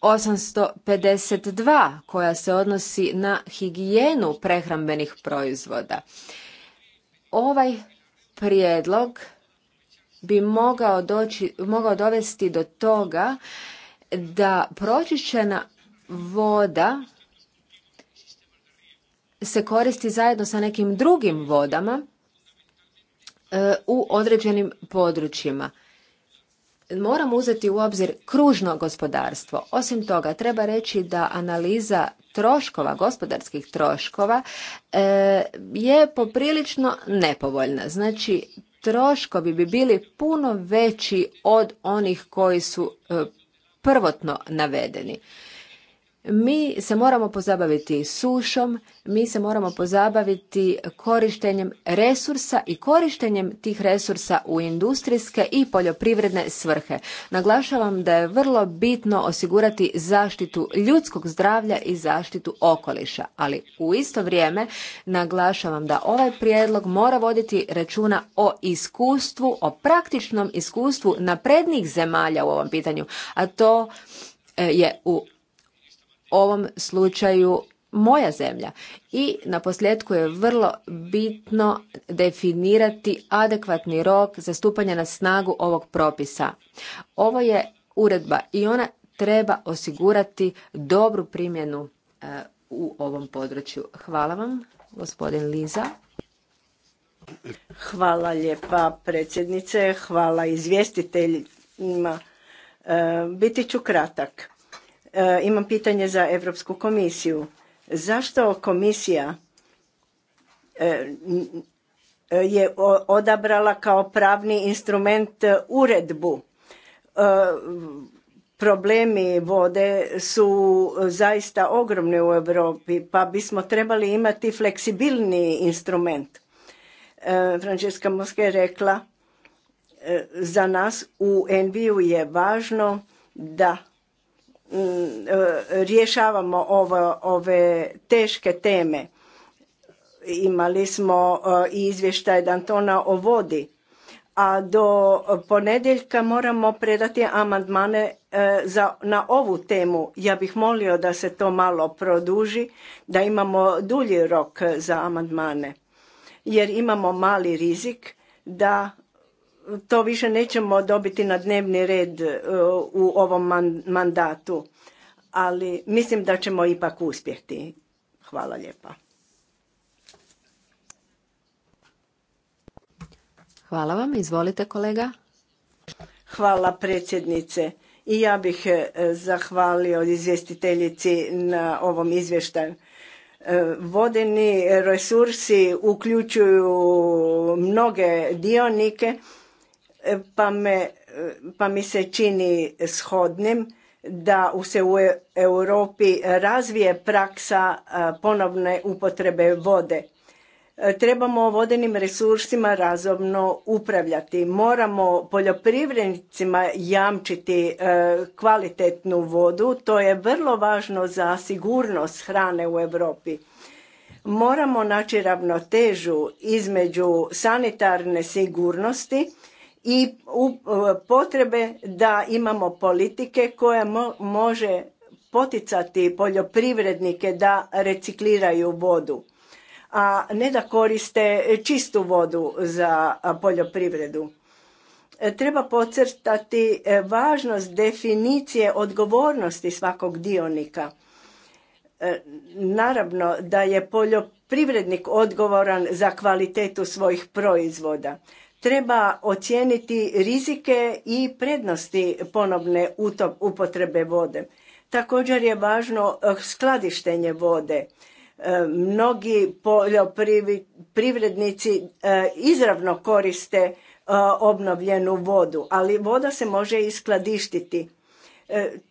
852 koja se odnosi na higijenu prehrambenih proizvoda. Ovaj prijedlog bi mogao, mogao dovesti do toga da pročišćena voda se koristi zajedno sa nekim drugim vodama e, u određenim područjima. Moramo uzeti u obzir kružno gospodarstvo. Osim toga, treba reći da analiza troškova, gospodarskih troškova, e, je poprilično nepovoljna. Znači, troškovi bi bili puno veći od onih koji su e, prvotno navedeni. Mi se moramo pozabaviti sušom, mi se moramo pozabaviti korištenjem resursa i korištenjem tih resursa u industrijske i poljoprivredne svrhe. Naglašavam da je vrlo bitno osigurati zaštitu ljudskog zdravlja i zaštitu okoliša, ali u isto vrijeme naglašavam da ovaj prijedlog mora voditi računa o iskustvu, o praktičnom iskustvu naprednih zemalja u ovom pitanju, a to e, je u ovom slučaju moja zemlja. I na posljedku je vrlo bitno definirati adekvatni rok za stupanje na snagu ovog propisa. Ovo je uredba i ona treba osigurati dobru primjenu e, u ovom području. Hvala vam, gospodin Liza. Hvala lijepa predsjednice, hvala izvjestiteljima. E, biti ću kratak. E, imam pitanje za Europsku komisiju. Zašto komisija e, e, je odabrala kao pravni instrument uredbu? Problemi vode su zaista ogromni u Europi, pa bismo trebali imati fleksibilni instrument. Francesca Moske je rekla, za nas u Enviju je važno da Mm, e, rješavamo ovo, ove teške teme. Imali smo e, i izvještaj Dantona o vodi, a do ponedjeljka moramo predati amandmane e, za, na ovu temu. Ja bih molio da se to malo produži, da imamo dulji rok za amandmane, jer imamo mali rizik da to više nećemo dobiti na dnevni red e, u ovom mandatu, ali mislim da ćemo ipak uspjeti. Hvala lijepa. Hvala vam, izvolite kolega. Hvala predsjednice. I ja bih e, zahvalio izvjestiteljici na ovom izvještaju. E, vodeni resursi uključuju mnoge dionike E, pa, e, pa mi se čini shodnim da se u e, Europi razvije praksa ponovne upotrebe vode. Trebamo vodenim resursima razumno upravljati. Moramo poljoprivrednicima jamčiti kvalitetnu vodu. To je vrlo važno za sigurnost hrane u Europi. Moramo naći ravnotežu između sanitarne sigurnosti i e, potrebe da imamo politike koje može poticati poljoprivrednike da recikliraju vodu a ne da koriste čistu vodu za poljoprivredu e, treba podcrtati e, važnost definicije odgovornosti svakog dionika naravno da je poljoprivrednik odgovoran za kvalitetu svojih proizvoda treba ocijeniti rizike i prednosti ponovne upotrebe vode. Također je važno e, skladištenje vode. E, mnogi poljoprivrednici e, izravno koriste obnovljenu vodu, ali voda se može i skladištiti.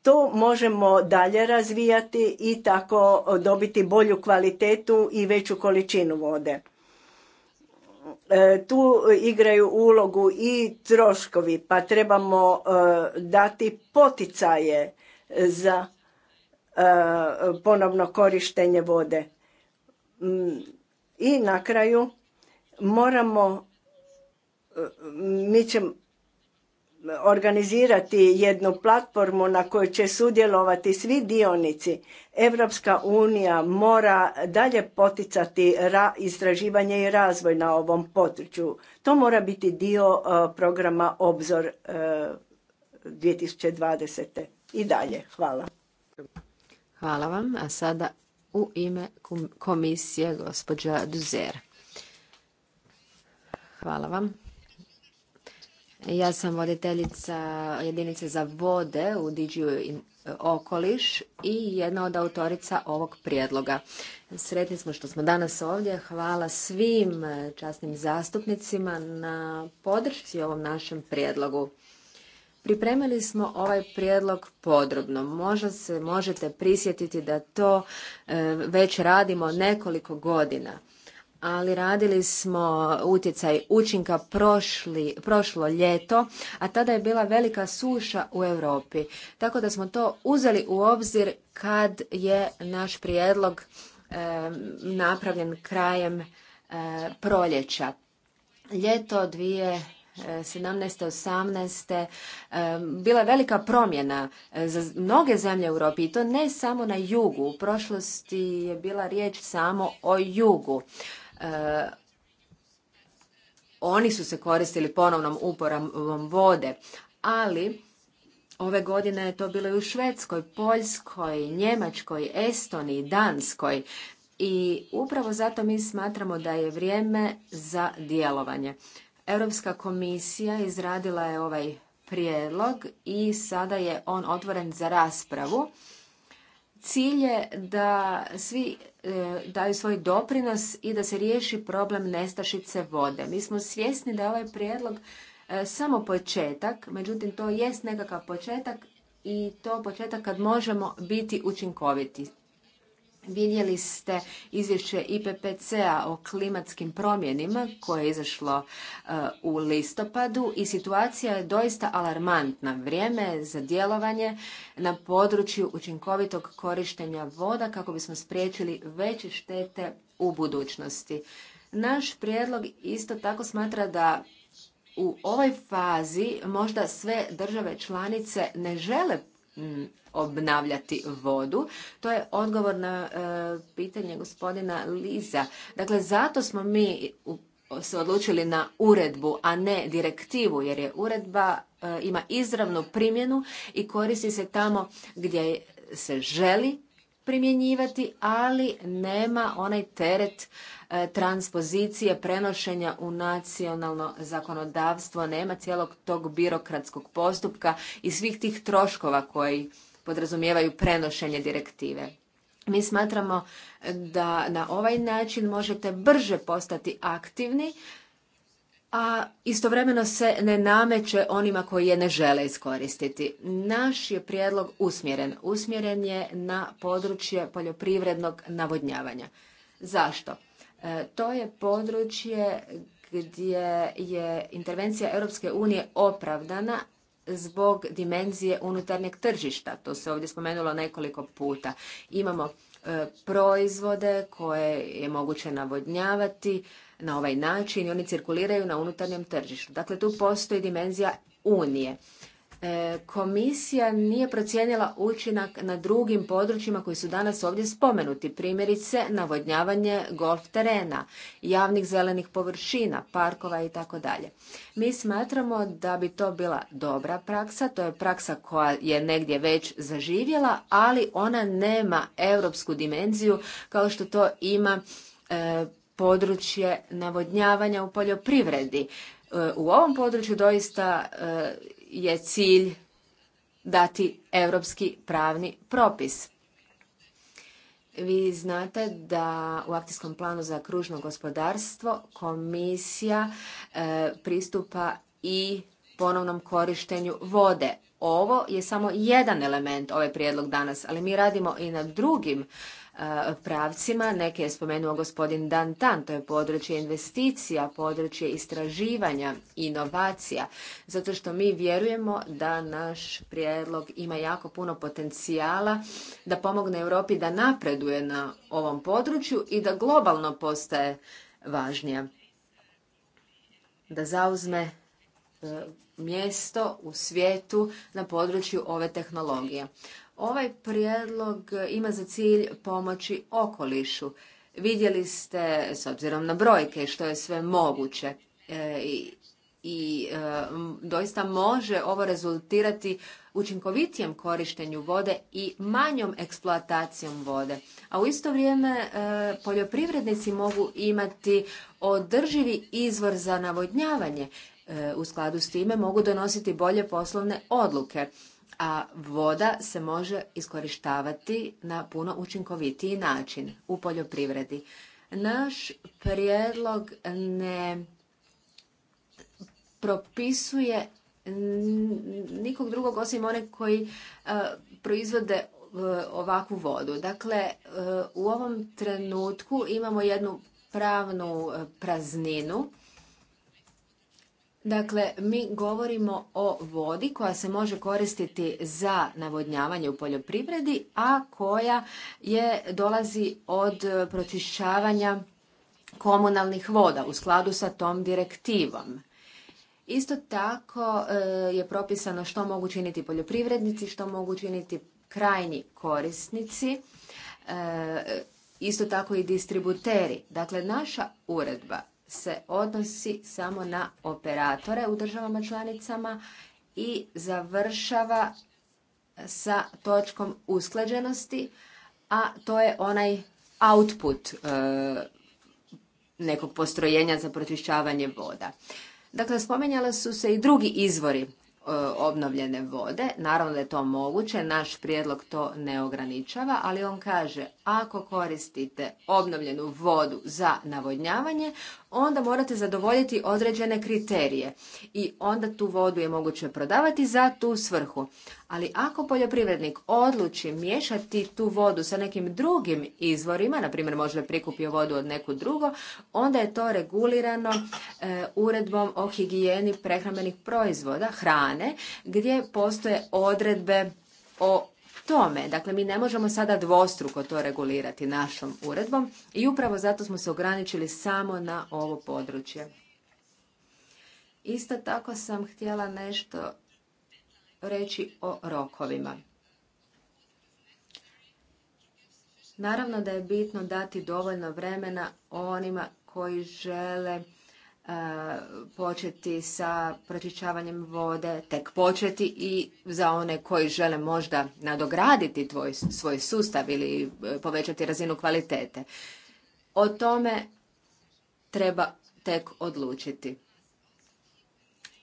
To možemo dalje razvijati i tako dobiti bolju kvalitetu i veću količinu vode. E, tu igraju ulogu i troškovi, pa trebamo e, dati poticaje za e, ponovno korištenje vode. Mm, I na kraju moramo, mi ćemo, organizirati jednu platformu na kojoj će sudjelovati svi dionici. Evropska unija mora dalje poticati istraživanje i razvoj na ovom području. To mora biti dio e, programa Obzor 2020. E, i dalje. Hvala. Hvala vam. A sada u ime komisije gospođa Duzer. Hvala vam. Ja sam voditeljica jedinice za vode u i okoliš i jedna od autorica ovog prijedloga. Sretni smo što smo danas ovdje. Hvala svim e, časnim zastupnicima na podršci ovom našem prijedlogu. Pripremili smo ovaj prijedlog podrobno. Možda se možete prisjetiti da to e, već radimo nekoliko godina ali radili smo utjecaj učinka prošlo ljeto, a tada je bila velika suša u Europi. Tako da smo to uzeli u obzir kad je naš prijedlog napravljen krajem eh, proljeća. Ljeto dvije 17. Eh, 18. bila velika promjena eh, za mnoge zemlje u Europi i to ne samo na jugu. U prošlosti je bila riječ samo o jugu. E, oni su se koristili ponovnom uporabom vode, ali ove godine je to bilo i u Švedskoj, Poljskoj, Njemačkoj, Estoniji, Danskoj. I upravo zato mi smatramo da je vrijeme za djelovanje. Europska komisija izradila je ovaj prijedlog i sada je on otvoren za raspravu. Cilj je da svi E, daju svoj doprinos i da se riješi problem nestašice vode. Mi smo svjesni da je ovaj prijedlog e, samo početak, međutim to jest nekakav početak i to početak kad možemo biti učinkoviti. Vidjeli ste izvješće IPPC-a o klimatskim promjenima koje je izašlo uh, u listopadu i situacija je doista alarmantna. Vrijeme za djelovanje na području učinkovitog korištenja voda kako bismo spriječili veće štete u budućnosti. Naš prijedlog isto tako smatra da u ovoj fazi možda sve države članice ne žele obnavljati vodu. To je odgovor na e, pitanje gospodina Liza. Dakle, zato smo mi se odlučili na uredbu, a ne direktivu, jer je uredba e, ima izravnu primjenu i koristi se tamo gdje se želi primjenjivati, ali nema onaj teret e, transpozicije, prenošenja u nacionalno zakonodavstvo, nema cijelog tog birokratskog postupka i svih tih troškova koji podrazumijevaju prenošenje direktive. Mi smatramo da na ovaj način možete brže postati aktivni a istovremeno se ne nameće onima koji je ne žele iskoristiti. Naš je prijedlog usmjeren. Usmjeren je na područje poljoprivrednog navodnjavanja. Zašto? E, to je područje gdje je intervencija Europske unije opravdana zbog dimenzije unutarnjeg tržišta. To se ovdje spomenulo nekoliko puta. Imamo E, proizvode koje je moguće navodnjavati na ovaj način i oni cirkuliraju na unutarnjem tržištu. Dakle, tu postoji dimenzija unije. E, komisija nije procijenila učinak na drugim područjima koji su danas ovdje spomenuti, primjerice navodnjavanje golf terena, javnih zelenih površina, parkova i tako dalje. Mi smatramo da bi to bila dobra praksa, to je praksa koja je negdje već zaživjela, ali ona nema europsku dimenziju kao što to ima e, područje navodnjavanja u poljoprivredi e, u ovom području doista je cilj dati europski pravni propis. Vi znate da u akcijskom planu za kružno gospodarstvo komisija e, pristupa i ponovnom korištenju vode. Ovo je samo jedan element ovaj prijedlog danas, ali mi radimo i na drugim pravcima. Neke je spomenuo gospodin Dantan, to je područje investicija, područje istraživanja, inovacija, zato što mi vjerujemo da naš prijedlog ima jako puno potencijala da pomogne Europi da napreduje na ovom području i da globalno postaje važnija. Da zauzme e, mjesto u svijetu na području ove tehnologije. Ovaj prijedlog ima za cilj pomoći okolišu. Vidjeli ste, s obzirom na brojke, što je sve moguće e, i, e, doista može ovo rezultirati učinkovitijem korištenju vode i manjom eksploatacijom vode. A u isto vrijeme e, poljoprivrednici mogu imati održivi izvor za navodnjavanje. U skladu s time mogu donositi bolje poslovne odluke a voda se može iskorištavati na puno učinkovitiji način u poljoprivredi. Naš prijedlog ne propisuje nikog drugog osim one koji e, proizvode e, ovakvu vodu. Dakle, e, u ovom trenutku imamo jednu pravnu prazninu Dakle, mi govorimo o vodi koja se može koristiti za navodnjavanje u poljoprivredi, a koja je dolazi od pročišćavanja komunalnih voda u skladu sa tom direktivom. Isto tako e, je propisano što mogu činiti poljoprivrednici, što mogu činiti krajnji korisnici, e, isto tako i distributeri. Dakle, naša uredba se odnosi samo na operatore u državama članicama i završava sa točkom usklađenosti, a to je onaj output e, nekog postrojenja za pročišćavanje voda. Dakle, spomenjala su se i drugi izvori e, obnovljene vode. Naravno da je to moguće, naš prijedlog to ne ograničava, ali on kaže ako koristite obnovljenu vodu za navodnjavanje, onda morate zadovoljiti određene kriterije i onda tu vodu je moguće prodavati za tu svrhu. Ali ako poljoprivrednik odluči miješati tu vodu sa nekim drugim izvorima, na primjer možda je prikupio vodu od neku drugo, onda je to regulirano e, uredbom o higijeni prehrambenih proizvoda, hrane, gdje postoje odredbe o tome. Dakle, mi ne možemo sada dvostruko to regulirati našom uredbom i upravo zato smo se ograničili samo na ovo područje. Isto tako sam htjela nešto reći o rokovima. Naravno da je bitno dati dovoljno vremena onima koji žele početi sa pročišćavanjem vode, tek početi i za one koji žele možda nadograditi tvoj, svoj sustav ili e, povećati razinu kvalitete. O tome treba tek odlučiti.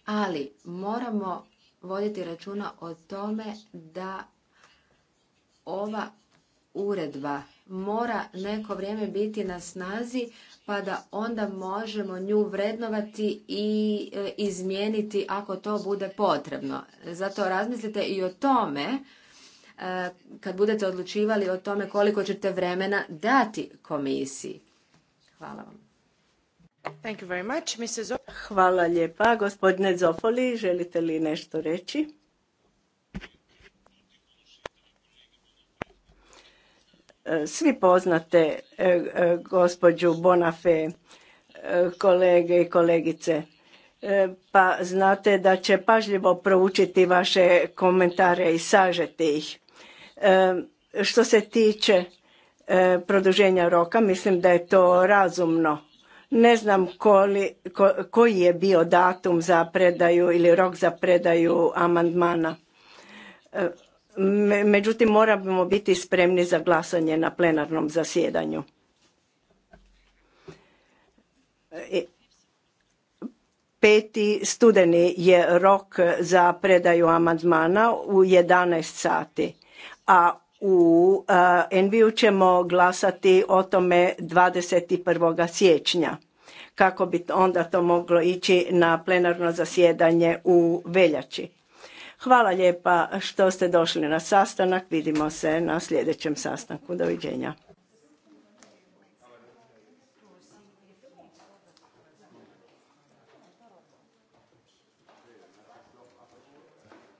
Ali moramo voditi računa o tome da ova uredba mora neko vrijeme biti na snazi pa da onda možemo nju vrednovati i e, izmijeniti ako to bude potrebno. Zato razmislite i o tome e, kad budete odlučivali o tome koliko ćete vremena dati komisiji. Hvala vam. Hvala lijepa. Gospodine Zofoli, želite li nešto reći? E, svi poznate e, e, gospođu Bonafe, kolege i kolegice, pa znate da će pažljivo proučiti vaše komentare i sažeti ih. Što se tiče produženja roka, mislim da je to razumno. Ne znam koji je bio datum za predaju ili rok za predaju amandmana. Međutim, moramo biti spremni za glasanje na plenarnom zasjedanju. E, peti studeni je rok za predaju amandmana u 11 sati, a u Enviju ćemo glasati o tome 21. siječnja kako bi onda to moglo ići na plenarno zasjedanje u veljači. Hvala lijepa što ste došli na sastanak. Vidimo se na sljedećem sastanku. Doviđenja.